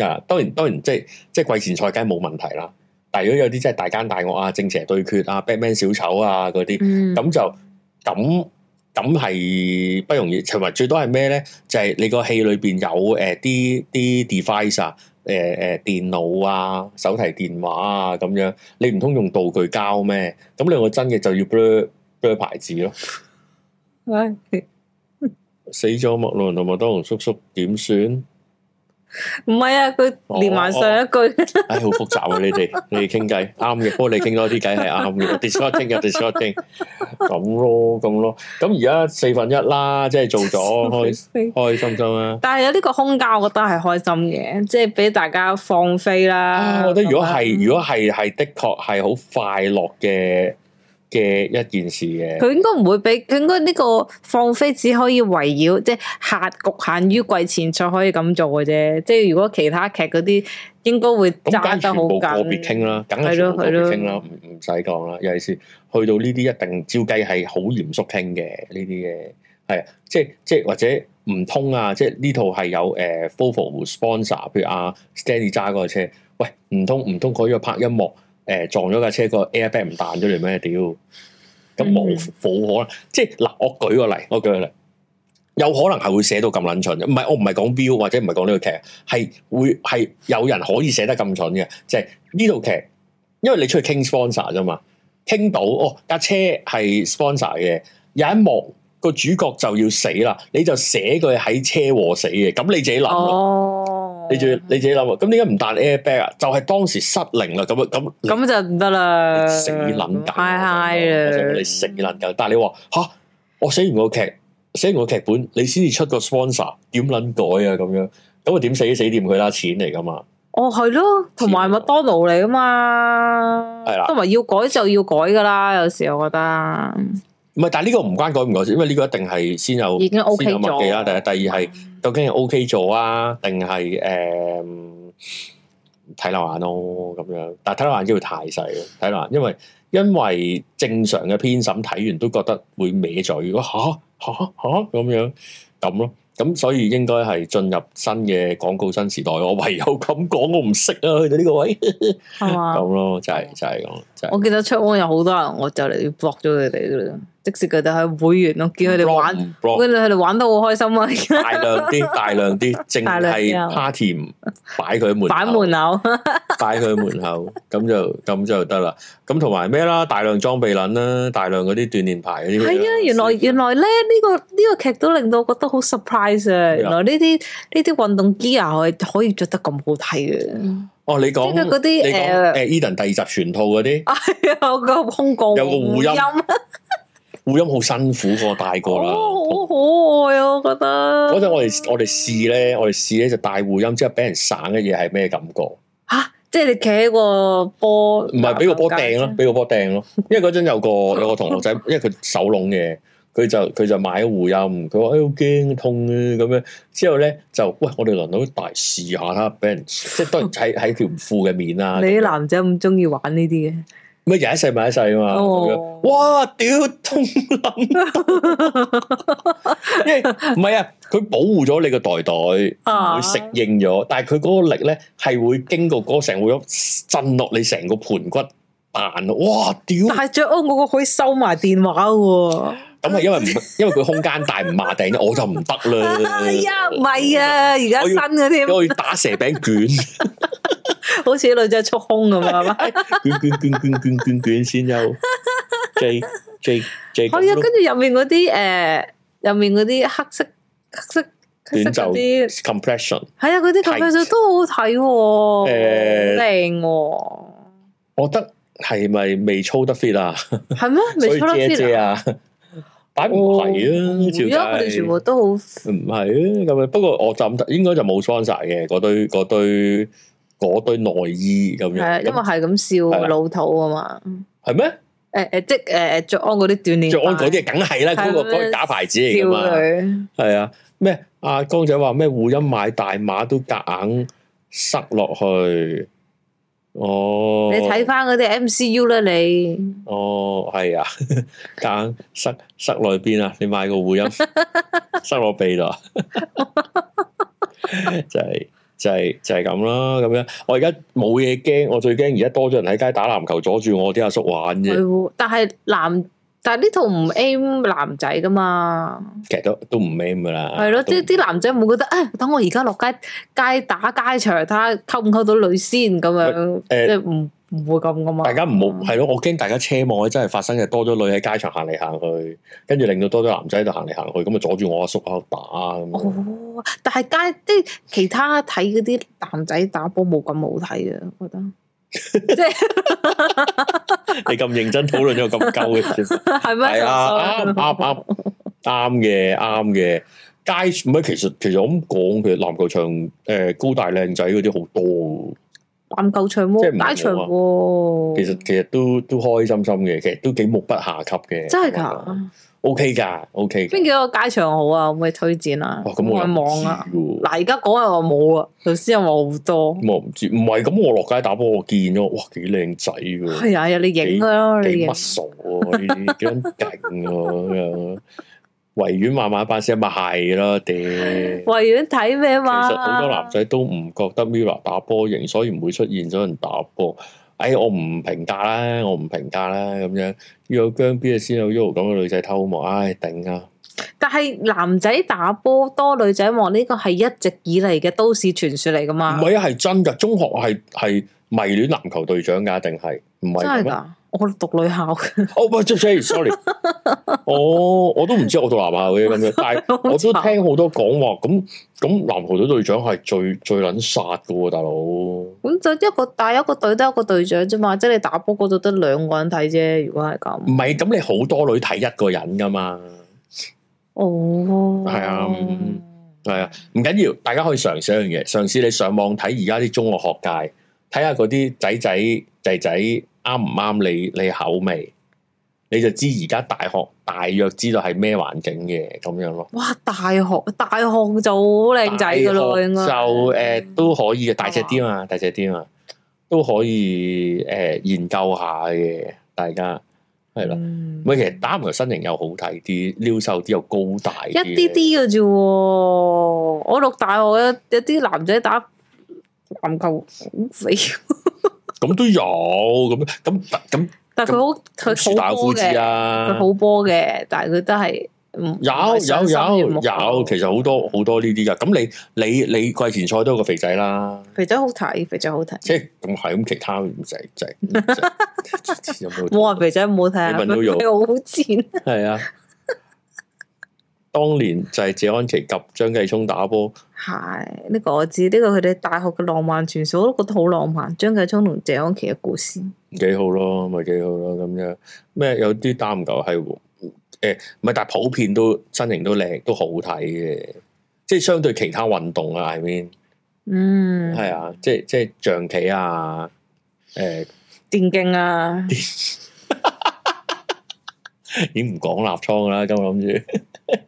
啊？當然當然，即係即係季前賽梗係冇問題啦。但如果有啲即係大奸大惡啊、正邪對決啊、Batman 小丑啊嗰啲，咁就咁咁係不容易。同埋最多係咩咧？就係、是、你個戲裏邊有誒啲啲 device 啊。誒誒、呃、電腦啊，手提電話啊咁樣，你唔通用道具交咩？咁你個真嘅就要 blur blur 牌子咯。死咗麥倫同麥當勞叔叔點算？唔係啊，佢連埋上一句。唉、哦，好、哦哎、複雜啊！你哋你哋傾偈，啱嘅。 [laughs] 不過你傾多啲偈係啱嘅，discussing 嘅，discussing 咁 [laughs] 咯，咁咯。咁而家四分一啦，即係做咗 [laughs] 開心開心心啊！但係有呢個空間，我覺得係開心嘅，即係俾大家放飛啦。啊、我覺得如果係， [laughs] 如果係係的確係好快樂嘅，嘅一件事嘅，佢應該唔會俾，佢應該呢個放飛只可以圍繞，即係限侷限於季前才可以咁做嘅啫。即係如果其他劇嗰啲，應該會揸得好緊。梗係全部個別傾啦，係咯係咯，唔唔使講啦。尤其是去到呢啲一定照計係好嚴肅傾嘅呢啲嘅，係即即或者唔通啊？即係呢套係有誒、呃、full full sponsor，譬如阿、啊、Stanley 揸嗰個車，喂唔通唔通可以拍一幕？誒、呃，撞咗架車，那個 airbag 唔彈出嚟咩？屌、嗯，咁冇無可能，即係嗱，我舉個例，我舉個例，有可能係會寫到咁撚蠢嘅，唔係我唔係講 Viu 或者唔係講呢個劇，係會係有人可以寫得咁蠢嘅，就係呢套劇，因為你出去傾 sponsor 啫嘛傾到哦架車係 sponsor 嘅，有一幕個主角就要死啦，你就寫佢喺車禍死嘅，咁你自己諗咯。哦你仲要你自己諗啊？咁點解唔彈 airbag 啊？就係、是、當時失靈啦，咁啊咁。咁就唔得啦！死撚改係係啊你死撚改，但係你話吓，我寫完個劇，寫完個劇本，你先至出個 sponsor，點撚改啊？咁樣咁我點死死掂佢啦？錢嚟噶嘛？哦，係咯，同埋麥當勞嚟噶嘛？係啦了，同埋要改就要改噶啦，有時我覺得。唔係，但係呢個唔關改唔改，因為呢個一定係先有、OK、先有默契啦。第第二係究竟係 O K 做啊，定係誒睇漏眼咯咁樣。但係睇漏眼機會太細咯，睇漏。因為因為正常嘅編審睇完都覺得會歪嘴。如果吓吓吓咁樣咁咯，咁所以應該係進入新嘅廣告新時代。我唯有咁講，我唔識啊，去到呢個位咁咯 [laughs] 嗎，就係、是、就係、是、咁。就是就是就是、我記得出汪有好多人，我就嚟要 block 咗佢哋即使佢哋係會員咯，叫佢哋玩，叫佢哋玩得好開心啊！大量啲，大量啲，淨係 party 擺佢門口，擺門口，擺佢門口，咁就咁就得啦。咁同埋咩啦？大量裝備撚啦，大量嗰啲鍛煉牌嗰啲。係啊，原來原來咧呢個呢個劇都令到我覺得好 surprise 啊！原來呢啲呢啲運動 gear 可以著得咁好睇嘅。哦，你講即係嗰啲誒，誒，Eden 第二集全套嗰啲，有個空降，有個護音。護音好辛苦個，戴過啦。Oh, 好可愛啊！我覺得嗰陣我哋我哋試咧，我哋試咧就戴護音，之後俾人省嘅嘢係咩感覺？吓、啊，即係你企喺個波，唔係俾個波掟咯，俾、啊、個波掟咯。因為嗰陣有個有個同學仔，因為佢手攏嘅，佢就佢就買咗護音，佢話誒好驚痛啊咁樣。之後咧就喂，我哋輪到大試下啦，俾人即係當然喺喺條褲嘅面啦！你啲男仔咁中意玩呢啲嘅。乜嘢一世買一世啊嘛，oh. 哇屌痛撚得，因為唔係啊，佢保護咗你個袋袋，ah. 唔會適應咗，但係佢嗰個力咧係會經過嗰、那、成、個、會咁震落你成個盆骨彈，哇屌！但係最惡我個可以收埋電話喎。咁係因為唔因為佢空間大唔麻頂，我就唔得啦。係啊，唔係啊，而家新嘅添，我要打蛇餅捲，好似女仔束胸咁啊嘛，捲卷卷卷卷卷捲先又。J J J，係啊，跟住入面嗰啲誒，入面嗰啲黑色黑色短袖啲 compression，係啊，嗰啲 compression 都好睇，誒，靚。我覺得係咪未操得 fit 啊？係咩？未操得 fit 啊？擺唔係啊！而家佢哋全部都好唔係啊！咁樣、嗯、不過我就咁，應該就冇穿晒嘅嗰堆嗰對嗰對內衣咁樣。係因為係咁笑老土啊嘛。係咩的？誒嗎誒，即係誒着安嗰啲鍛煉。着安嗰啲梗係啦，嗰的、那個嗰的個假牌子嚟噶嘛。係女啊，咩阿江仔話咩護陰買大碼都夾硬塞落去。哦，你睇翻嗰啲 MCU 啦，你哦係啊，間室室內邊啊，你買個護音， [laughs] 塞落鼻度， [laughs] 就是，就係、是、就係就係咁啦，咁樣我而家冇嘢驚，我最驚而家多咗人喺街打籃球阻住我啲阿叔，叔玩啫，但係男。但呢套唔 aim 男仔噶嘛？其實都都唔 aim 噶啦。係咯的，即係啲男仔冇覺得誒、哎，等我而家落街街打街場，睇下溝唔溝到女先咁樣。誒、呃，唔唔會咁噶嘛？大家唔好係咯，我驚大家奢望真係發生嘅，多咗女喺街場行嚟行去，跟住令到多咗男仔喺度行嚟行去，咁啊阻住我阿叔啊打咁、哦。但係街即係其他睇嗰啲男仔打波冇咁好睇啊，我覺得。即係你咁認真討論咗咁鳩嘅，其實係咩？係啊，啱啱啱，啱嘅，啱嘅。街唔係，其實其實我咁講，其實籃球場誒，高大靚仔嗰啲好多嘅。籃球場即係大場，其實其實都都開心心嘅，其實都幾目不暇給嘅。真係㗎。O K 噶，O K 邊幾個街場好啊？可唔可以推薦啊？咁、哦、我唔啊！嗱，而家講下我冇啊！頭先有冇好多。我唔知，唔係咁，我落街打波，我見咗，哇，幾靚仔噶！係啊，你影啊！你影乜傻？幾咁勁啊！維園、啊啊 [laughs] 啊、慢漫巴士咪係啦，跌維園睇咩嘛？其實好多男仔都唔覺得 Mirror 打波型，所以唔會出現咗人打波。哎，我唔評價啦，我唔評價啦，咁樣要有姜邊啊先有 Jo 講嘅女仔偷望，唉、哎，頂啊！但係男仔打波多女仔望呢個係一直以嚟嘅都市傳說嚟㗎嘛？唔係啊，係真㗎，中學係係迷戀籃球隊長㗎，定係唔係咁啊？我讀女校嘅。哦，唔係 Jesse，sorry 哦，我都唔知我讀男校嘅咁樣，但係我都聽好多講話咁咁，籃球隊隊長係最最撚殺嘅喎，大佬。咁就一個帶一個隊得一,一個隊長啫嘛，即係你打波嗰度得兩個人睇啫。如果係咁，唔係咁你好多女睇一個人噶嘛。哦，係啊，係、嗯、啊，唔緊要，大家可以嘗試一樣嘢。嘗試你上網睇而家啲中學學界，睇下嗰啲仔仔仔仔。仔仔啱唔啱你你口味，你就知而家大學大約知道係咩環境嘅咁樣咯。哇！大學大學就好靚仔噶咯，應該就誒的、呃、都可以嘅，大隻啲啊嘛，大隻啲啊嘛，都可以誒、呃、研究下嘅。大家係啦，咪、嗯、其實打籃球身形又好睇啲，撩瘦啲又高大一啲啲嘅啫。我讀大學一啲男仔打籃球好肥。 [laughs] 咁都有咁咁咁，但佢好佢好波啊，佢好波嘅，但係佢都係唔有母有有有，其實好多好多呢啲噶。咁你你你季前賽都有個肥仔啦，肥仔好睇，肥仔好睇，即係咁係咁，其他唔使仔？係冇話肥仔唔好睇 [laughs] [laughs] 啊，肥仔我好賤，係啊。當年就係謝安琪及張繼聰打波，係呢個我知，呢個佢哋大學嘅浪漫傳說，我都覺得好浪漫。張繼聰同謝安琪嘅故事幾好咯，咪幾好咯咁樣咩？有啲打唔夠係，誒，唔係，但係普遍都身形都靚，都好睇嘅，即係相對其他運動啊，係咪？嗯，係啊，即係即係象棋啊，誒，電競啊， [laughs] 已經唔講立倉啦，今日諗住。 [laughs]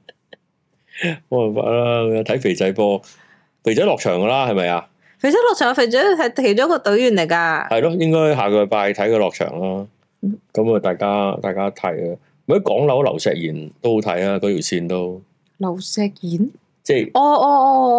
冇辦法啦，睇 [laughs] 肥仔波，肥仔落場噶啦，係咪啊？肥仔落場，肥仔係其中一個隊員嚟噶，係咯，應該下個禮拜睇佢落場啦。咁啊、嗯，大家大家睇啊，咪港樓劉石賢都好睇啊，嗰條線都劉石賢，即係哦哦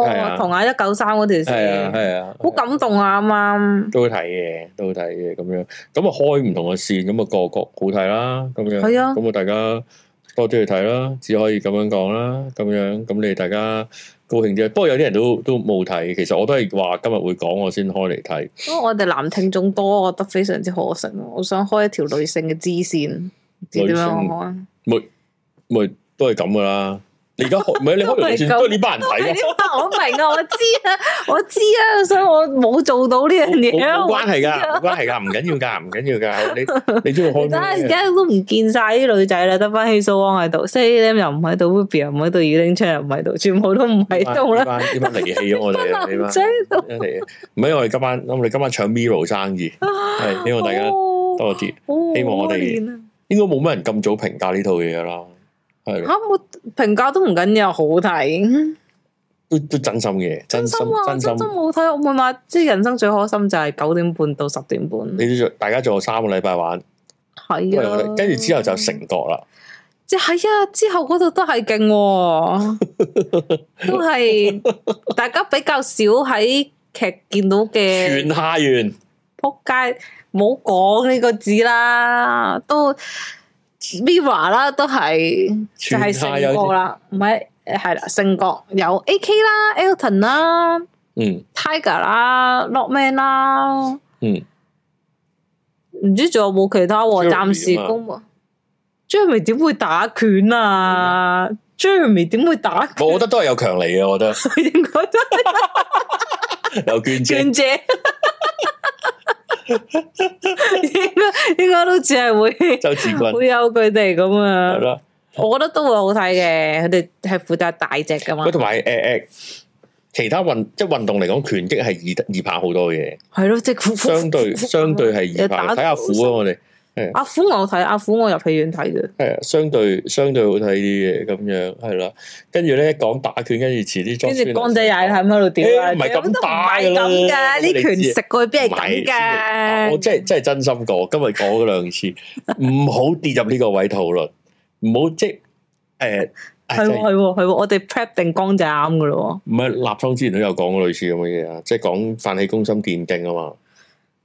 哦同啊一九三嗰條線係啊，好、啊啊啊、感動啊，啱啱都好睇嘅，都好睇嘅，咁樣咁啊，開唔同嘅線，咁啊，個個好睇啦，咁樣，咁啊，大家。 [laughs] [laughs] [laughs] 多啲去睇啦，只可以咁樣講啦。咁樣咁你大家高興啫。不過有啲人都都冇睇，其實我都係話今日會講，我先開嚟睇。不過我哋男聽眾多，我覺得非常之可惜。我想開一條女性嘅支線，知點樣型好啊？沒沒都係咁噶啦。你而家唔係你開嚟全部呢班人睇嘅。我明啊，我知啊，我知啊，所以我冇做到呢樣嘢，冇關係噶，冇關係噶，唔緊要噶，唔緊要噶，你你都要開。而家而家都唔見晒啲女仔啦，得翻起蘇喺度，C M 又唔喺度又唔喺度，姚拎昌又唔喺度，全部都唔喺度啦。呢班呢班離棄咗我哋，唔係我哋今晚，我哋今晚搶 Mirror 生意，係希望大家多一啲希望我哋應該冇乜人咁早評價呢套嘢啦。係吓，冇評價都唔緊要，好睇，都都真心嘅，真心真心好睇。我咪話即係人生最開心就係九點半到十點半。你做大家做三個禮拜玩，係啊，跟住之後就成角啦。即係啊，之後嗰度 [laughs] 都係勁，都係大家比較少喺劇見到嘅。全下完撲街，冇講呢個字啦，都。Viva 啦，都係就係成個啦，唔係係啦，成國有 AK 啦，Elton 啦，嗯，Tiger 啦，Lokman 啦，嗯，唔知仲有冇其他喎？暫時工，Jeremy 點會打拳啊？Jeremy 點會打？我覺得都係有強力嘅，我覺得，有娟姐。 [laughs] 應該應該都只係會周志軍 [laughs] 會有佢哋咁啊。係咯的，我覺得都會好睇嘅。佢哋係負責大隻嘅嘛。同埋誒誒，其他運即係運動嚟講，拳擊係易易拍好多嘢，係咯，即、就、係、是、相對相對係易拍。睇下苦啊，我哋。阿、啊、虎我睇，阿、啊、虎我入戲院睇啫。係啊，相對相對好睇啲嘅，咁樣係啦。跟住咧講打拳，跟住遲啲。跟住光仔又喺度跌都唔係咁大噶。呢拳食過去邊係咁噶？我真係真係真心講，今日講咗兩次，唔好 [laughs] 跌入呢個位討論，唔好即係誒。係喎係喎係喎，我哋 prep 定光仔啱噶咯。唔係立倉之前都有講過類似咁嘅嘢啊，即係講泛起攻心電競啊嘛。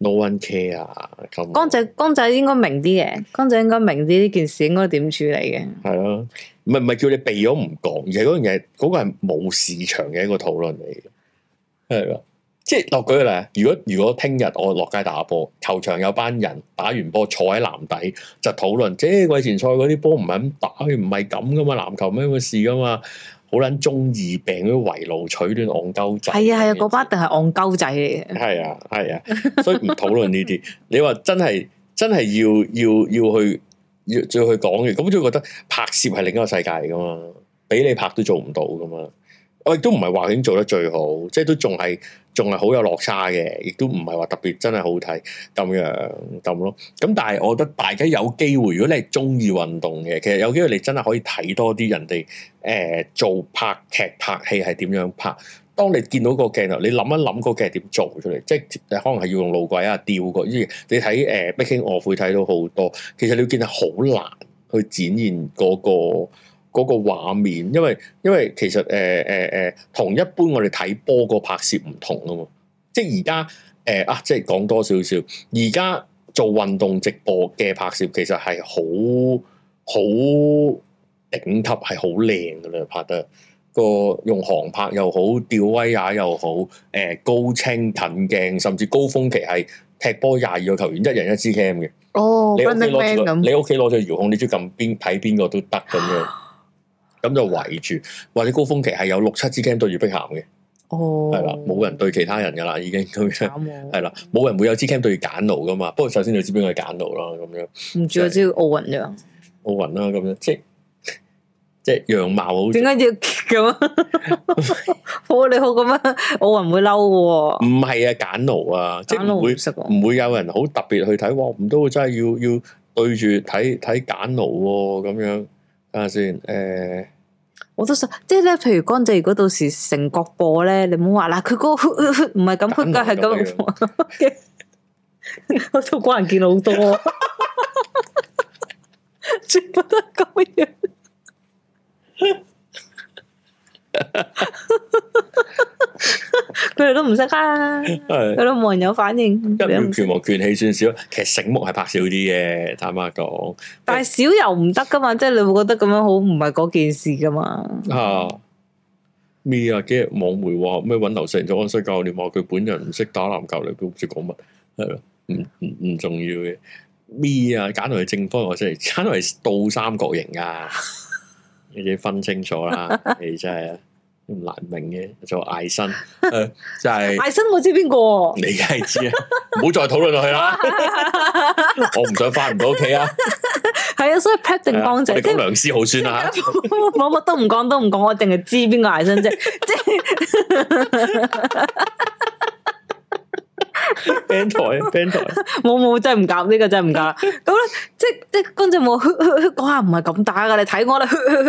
no one care 啊！剛仔，剛仔應該明啲嘅，剛仔應該明啲呢件事應該點處理嘅。係咯，唔係唔係叫你避咗唔講，而係嗰樣嘢，嗰、嗰個係冇市場嘅一個討論嚟嘅。係咯的，即係落舉個例，如果如果聽日我落街打波，球場有班人打完波坐喺籃底就討論，即係季前賽嗰啲波唔係咁打，佢唔係咁噶嘛，籃球咩回事噶嘛？好撚中二病圍，嗰啲圍爐取暖，戇鳩仔。係啊係啊，嗰班一定係戇鳩仔嚟嘅。係啊係啊，所以唔討論呢啲。 [laughs] 你話真係真係要要要去要再去講嘅，咁就覺得拍攝係另一個世界嚟噶嘛，俾你拍都做唔到噶嘛。喂，都唔係話已經做得最好，即係都仲係仲係好有落差嘅，亦都唔係話特別真係好睇咁樣咁咯。咁但係我覺得大家有機會，如果你係中意運動嘅，其實有機會你真係可以睇多啲人哋誒、呃、做拍劇拍戲係點樣拍。當你見到個鏡頭，你諗一諗個鏡點做出嚟，即係可能係要用路軌啊、吊嗰啲。你睇誒、呃北京奧運會睇到好多，其實你要見好難去展現嗰、嗰個。嗰個畫面，因為因為其實誒誒誒，同、呃呃、一般我哋睇波個拍攝唔同啊嘛！即係而家誒啊，即係講多少少，而家做運動直播嘅拍攝其實係好好頂級，係好靚嘅啦，拍得個用航拍又好，吊威亞又好，誒、呃、高清近鏡，甚至高峰期係踢波廿二個球員一人一支 cam 嘅。哦、oh,，ing 你屋企攞咗，樣你屋企攞咗遙控，你知撳邊睇邊個都得咁樣。咁就圍住，或者高峰期係有六七支 cam 對住碧咸嘅，係啦、oh.，冇人對其他人噶啦，已經咁樣，係 [laughs] 啦，冇人會有支 cam 對住簡奴噶嘛。不過首先你知邊個係簡奴啦，咁樣。唔知啊，知奧運咋？奧運啦，咁樣，即係即係樣貌好。點解要咁？好你好咁啊，奧運唔會嬲嘅。唔係啊，簡奴啊，即係唔會唔會有人好特別去睇，哇！唔多真係要要對住睇睇簡奴咁、啊、樣。等下先，誒、啊，欸、我都想，即係咧，譬如乾淨，如果到時成國播咧，你唔好話啦，佢、那個唔係咁，佢梗係咁嘅， [laughs] [laughs] 我做關人見到好多， [laughs] 全部都咁樣。佢哋 [laughs] 都唔識啊，佢的都冇人有反應。一秒拳王拳氣算少， [laughs] 其實醒目係拍少啲嘅，坦白講。但係少又唔得噶嘛，嗯、即係你會覺得咁樣好唔係嗰件事噶嘛。啊咪啊，幾日網媒話咩搵劉成做安西教練，話佢本人唔識打籃球你都唔知講乜，係咯，唔唔唔重要嘅。咪啊，揀到係正方形，我真係揀到係倒三角形啊， [laughs] 你要分清楚啦，你真係。 [laughs] 難明嘅就艾生，就、呃、係艾生，我知邊個，你梗係知啦，唔好再討論落去啦，我唔想翻唔到屋企啊，係啊，所以 p a t 定光仔，你講、嗯、即梁思浩算啦我乜都唔講，都唔講，我淨係知邊個艾生啫，即係 band 台 band 台，冇冇真係唔夾呢個真係唔夾，咁咧即係即係光仔冇，下唔係咁打噶，你睇我啦，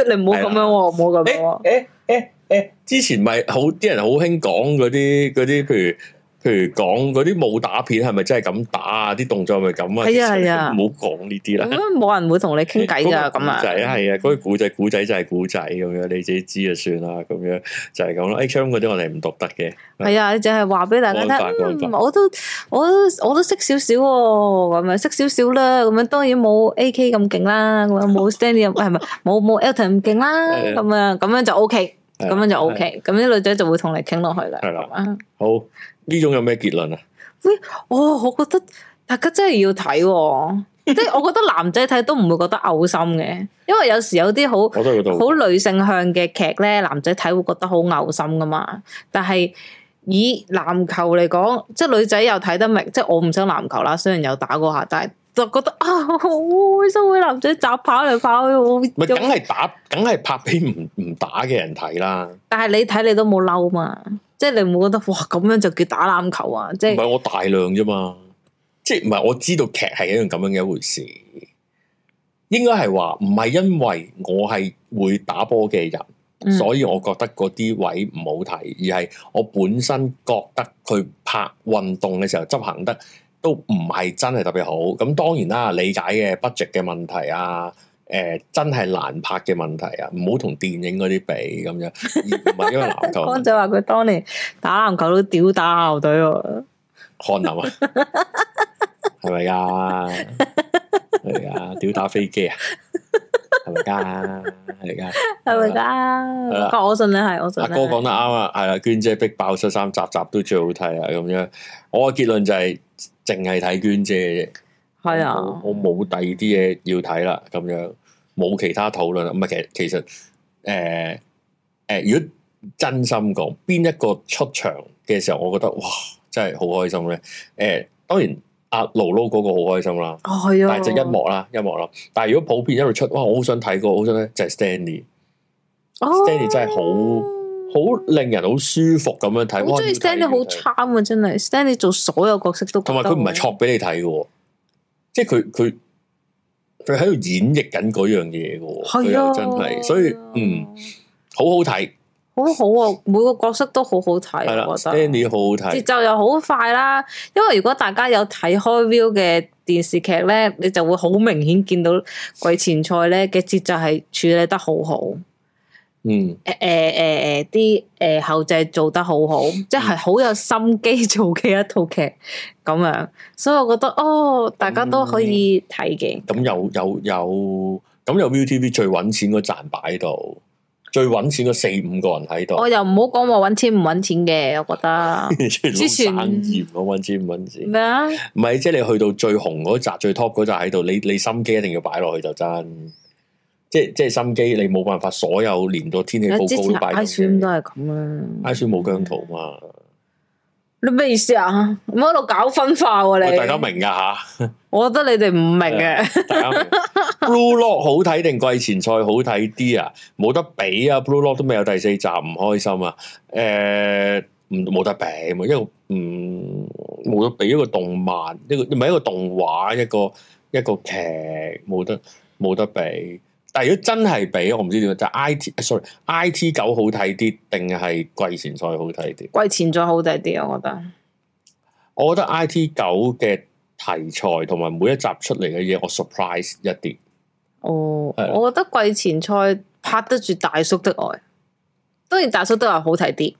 你唔好咁樣，唔好咁樣，誒誒、哦。欸欸欸誒，之前咪好啲人好興講嗰啲嗰啲，譬如譬如講嗰啲武打片係咪真係咁打啊？啲動作係咪咁啊？係啊係啊，唔好講呢啲啦。咁冇人會同你傾偈噶咁啊。係啊係啊，嗰啲古仔古仔就係古仔咁樣，你自己知就算啦。咁樣就係咁咯。HM 嗰啲我哋唔讀得嘅。係啊，就係話俾大家聽。我都我都我都識少少，咁樣識少少啦。咁樣當然冇 AK 咁勁啦，咁樣冇 Stanley 係咪冇冇 Alton 咁勁啦。咁樣咁樣就 OK。咁樣就 OK，咁啲女仔就會同你傾落去啦。係啦，好呢種有咩結論啊？喂、哦，我我覺得大家真係要睇、啊，即係 [laughs] 我覺得男仔睇都唔會覺得嘔心嘅，因為有時有啲好好女性向嘅劇咧，男仔睇會覺得好嘔心噶嘛。但係以籃球嚟講，即係女仔又睇得明，即係我唔想籃球啦，雖然有打過下，但係。就覺得啊，好猥瑣嘅男仔，就跑嚟跑去，唔係梗係打，梗係拍俾唔唔打嘅人睇啦。但係你睇你都冇嬲嘛，即係你唔會覺得哇，咁樣就叫打籃球啊？即係唔係我大量啫嘛，即係唔係我知道劇係一樣咁樣嘅一回事，應該係話唔係因為我係會打波嘅人，嗯、所以我覺得嗰啲位唔好睇，而係我本身覺得佢拍運動嘅時候執行得。都唔係真係特別好，咁當然啦，理解嘅 budget 嘅問題啊，誒、欸，真係難拍嘅問題啊，唔好同電影嗰啲比咁樣，唔係因為籃球。光仔話佢當年打籃球都屌打校隊喎，漢林啊，係咪㗎？係啊，屌打飛機啊？係咪㗎？係咪㗎？係咪㗎？我信你係，我信。阿哥講得啱啊，係啊，娟姐逼爆出三集集都最好睇啊，咁樣，我嘅結論就係。淨係睇娟姐嘅啫，係啊，我冇第二啲嘢要睇啦，咁樣冇其他討論。唔係，其實其實誒誒，如果真心講，邊一個出場嘅時候，我覺得哇，真係好開心咧。誒、呃，當然阿露露嗰個好開心啦、哦啊，但係只一幕啦，一幕啦。但係如果普遍一路出，哇，我好想睇個，好想咧，就係、是 St 哦、Stanley，Stanley 真係好。好令人好舒服咁樣睇，我中意 Stanley 好慘啊！真係 Stanley 做所有角色都同埋佢唔係撮俾你睇嘅，即係佢佢佢喺度演繹緊嗰樣嘢嘅，係啊，真係，所以嗯，好好睇，好好啊，每個角色都好好睇，係啦 Stanley 好好睇，節奏又好快啦。因為如果大家有睇開 Viu 嘅電視劇咧，你就會好明顯見到季前賽咧嘅節奏係處理得好好。嗯，誒誒誒誒，啲誒後製做得好好，okay. 即係好有心機做嘅一套劇咁樣，所以我覺得哦，大家都可以睇嘅。咁有有有，咁有 Viu TV 最揾錢嗰站擺喺度，最揾錢嗰四五個人喺度。我又唔好講話揾錢唔揾錢嘅，我覺得之前唔好揾錢唔揾錢咩啊？唔係，即係你去到最紅嗰集、最 top 嗰集喺度，你你心機一定要擺落去就真。即係即係心機，你冇辦法所有連到天氣報告都擺咁。I C 都係咁啦，I C M 冇姜濤啊嘛。你咩意思啊？唔喺度搞分化喎，啊！你大家明噶吓，啊？ [laughs] 我覺得你哋唔明嘅。 [laughs] 大家明。Blue Lock 好睇定季前賽好睇啲啊？冇得比啊！Blue Lock 都未有第四集，唔開心啊！誒、欸，唔冇得比啊，嘛，因為唔冇得比，一個動漫，一個唔係一個動畫，一個一個劇，冇得冇得比。但如果真係比，我唔知點樣，就係、I T sorry I T 九好睇啲，定係季前賽好睇啲？季前賽好睇啲，我覺得。我覺得 I T 九嘅題材同埋每一集出嚟嘅嘢，我 surprise 一啲。哦，我覺得季前賽拍得住大叔的愛，當然大叔的愛好睇啲，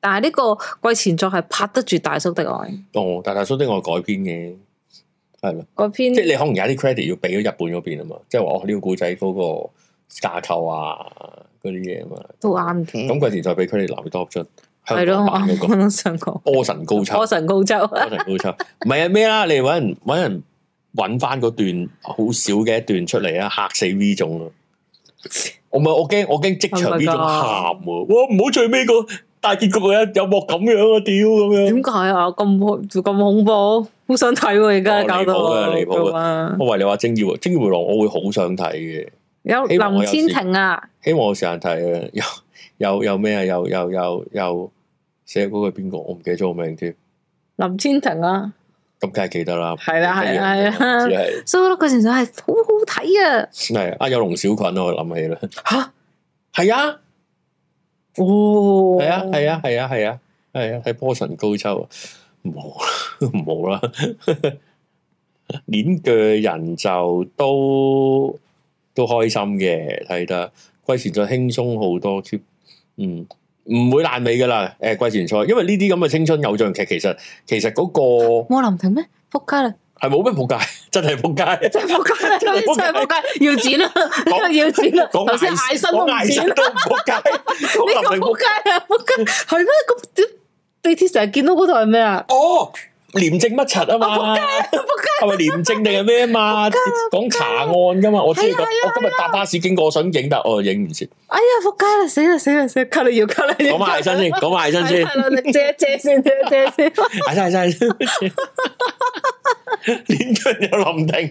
但係呢個季前賽係拍得住大叔的愛。哦，但大叔的愛改編嘅。係咯，即係你可能有啲 credit 要俾咗日本嗰邊啊嘛，即係話哦呢、這個古仔嗰個架構啊嗰啲嘢啊嘛，都啱。咁嗰時就俾佢哋 credit 南粵刀削，香港版嗰個。我想講波神高超，波神高超，波神高超，唔係啊咩啦？你揾人揾人揾翻嗰段好少嘅一段出嚟啊！嚇死 V 總咯，我唔係我驚我驚職場 V 種喊喎，哇唔好最尾個。大結局啊！有幕咁樣啊，屌咁樣。點解啊？咁咁恐怖，好想睇喎、啊！而家搞到。離譜、哦、啊！我話你話《正義》《正義回廊》，我會好想睇嘅。有林千廷啊希我！希望我有時間睇 [laughs] 啊！有有有咩啊？有有有有寫嗰個邊個？我唔記得咗個名添。林千廷啊！咁梗係記得啦。係啦係啦係啊！所以我覺得佢成場係好好睇啊！係 [laughs] 啊，有龍小群我諗起啦。吓， [laughs] [laughs] [laughs] 係啊。哦，係啊，係啊，係啊，係啊，係啊，睇波神高抽，唔好啦，唔好啦，年嘅人就都都開心嘅，睇得季前賽輕鬆好多，嗯，唔會爛尾噶啦，誒，季前賽，因為呢啲咁嘅青春偶像劇，其實其實嗰個莫林婷咩，仆街啦。係冇咩仆街，真係仆街， [laughs] 真係仆街， [laughs] 真係仆街， [laughs] 要剪啦吧， [laughs] 要剪啦吧，頭先嗌新仆街，呢個仆街蛋 [laughs] 啊，仆街，係咩？咁點？地鐵成日見到嗰台咩啊？哦。廉政乜柒啊嘛？係咪廉政定係咩啊嘛？講查案噶嘛？我今日搭巴士經過，我想影得，係我影唔切。哎呀，仆街啦！死啦死啦死啦！卡你要卡你。講埋起身先，講埋起身先。借一借先，借一借先。埋晒埋晒。廉政又臨停。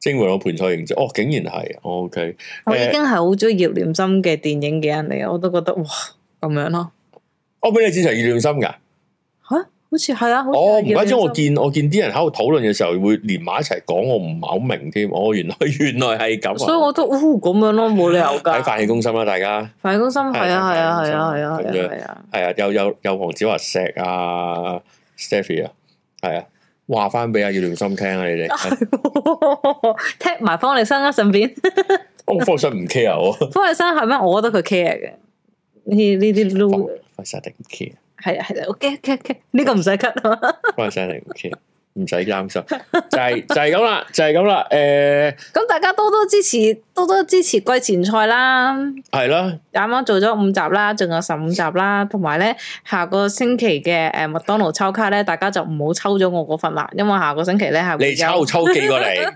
精華我盤菜影子哦，竟然係，OK。我已經係好中意葉念琛嘅電影嘅人嚟，我都覺得哇咁樣咯。我俾你之成葉念琛噶吓，好似係啊。我唔解，因為我見我見啲人喺度討論嘅時候會連埋一齊講，我唔係好明添。哦、啊，原來原來係咁，所以我都哦咁樣咯、啊，冇理由噶。睇泛起公心啦，大家泛起公心係啊，係啊，係啊，係啊，係啊，係啊，有有有黃子華石啊，Stephy 啊，係啊。話翻俾阿葉連心聽啦、啊，你哋聽埋方力申啦，順便。方力申唔 care 啊。方力申係咩？我覺得佢 care 嘅。呢呢啲 loser，方力申唔 care。係係，OK OK OK，呢、啊、個唔使 cut 啊。啊嘛。方力申唔 care。唔使擔心、 [laughs] 就是，就係就係咁啦，就係咁啦。誒、呃，咁、嗯、大家多多支持，多多支持季前賽啦。係咯啦，啱啱做咗五集啦，仲有十五集啦，同埋咧下個星期嘅，誒、呃、麥當勞抽卡咧，大家就唔好抽咗我嗰份啦，因為下個星期咧係嚟抽抽機過嚟。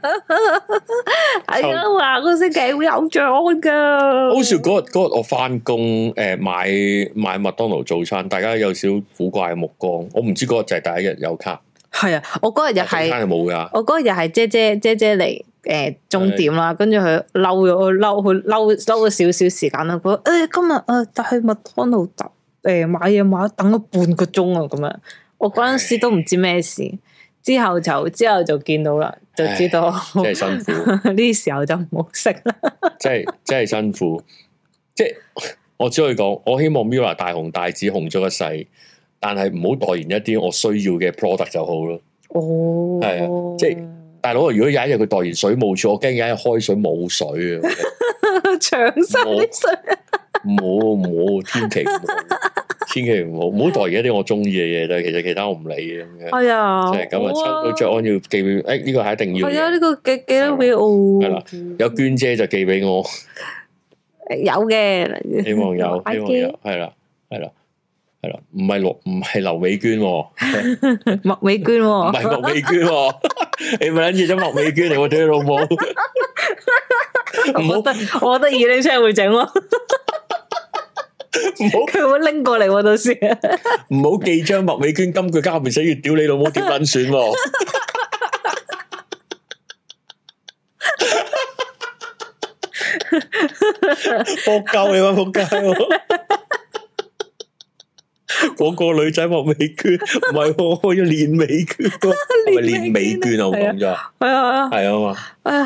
係啊，下個星期會有獎噶。好似嗰日日我翻工誒買買麥當勞早餐，大家有少古怪嘅目光。我唔知嗰日就係第一日有卡。係啊，我嗰日又係真係冇㗎，我嗰日又係姐姐姐姐嚟誒終點啦，的跟住佢嬲咗，我嬲佢嬲嬲咗少少時間啦，佢誒、欸、今日誒帶去麥當勞搭誒買嘢買，等咗半個鐘啊，咁樣我嗰陣時都唔知咩事，的之後就之後就見到啦，就知道真係辛苦呢 [laughs] 時候就唔好食啦，真係真係辛苦，即係 [laughs] 我只可以講，我希望 Mila 大紅大紫，大紫紅咗一世。但係唔好代言一啲我需要嘅 product 就好咯。哦，係啊，即係大佬，如果有一日佢代言水冇錯，我驚有一日開水冇水啊！長生啲水，唔好唔好，千祈唔好，千祈唔好，唔好代言一啲我中意嘅嘢啦。其實其他我唔理嘅咁樣。係啊，即係咁啊，抽到着安要寄俾，誒，呢個係一定要係啊，呢個寄寄俾係啦，有娟姐就寄俾我。有嘅，希望有，希望有，係啦，係啦。係啦，唔係羅，唔係劉美娟，麥美娟，唔係麥美娟，你咪諗住張麥美娟嚟喎，我屌你老母，唔好得，我覺得二拎出嚟會整，唔好佢會拎過嚟喎，到時唔好寄張麥美娟金句膠面寫完，屌你老母，點捻選，仆街你媽仆街。我個女仔莫美娟，唔係我要練美娟，唔係練美娟啊，我講咗，係啊，係啊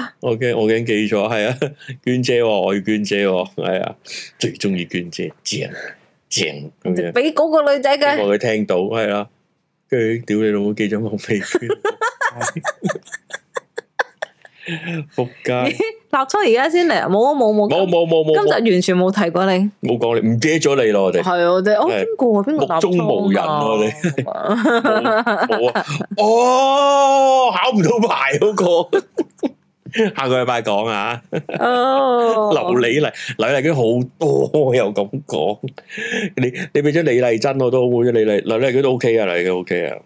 嘛，我驚我驚記錯，係啊，娟姐，我要娟姐，係啊，最中意娟姐，正正，俾嗰個女仔嘅，我佢聽到，係啊。跟住屌你老母，記咗莫美娟。仆街，立初而家先嚟，冇冇冇，冇冇冇冇，今日完全冇提過你，冇講你，唔記咗你咯，我哋係我真係，邊個邊個目中無人，我哋冇啊，哦，考唔到牌嗰個，下個禮拜講啊，哦，李麗麗，李麗娟好多，又咁講，你你畀咗李麗珍我都好咗，李麗李麗娟都 OK 啊，李娟 OK 啊。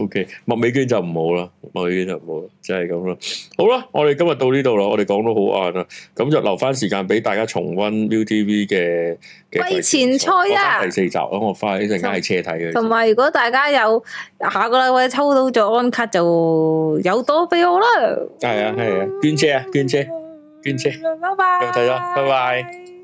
O、okay, K，麥美娟就唔好啦，麥美娟就唔好啦，就係咁啦。好啦，我哋今日到呢度啦，我哋講到好晏啦，咁就留翻時間俾大家重温 ViuTV 嘅季前賽啊第四集，咁我翻一陣間喺車睇嘅。同埋，如果大家有下個禮拜抽到咗安卡，就有多俾我啦。係啊係啊，捐車啊捐車捐車，bye bye 拜拜。睇咗，拜拜。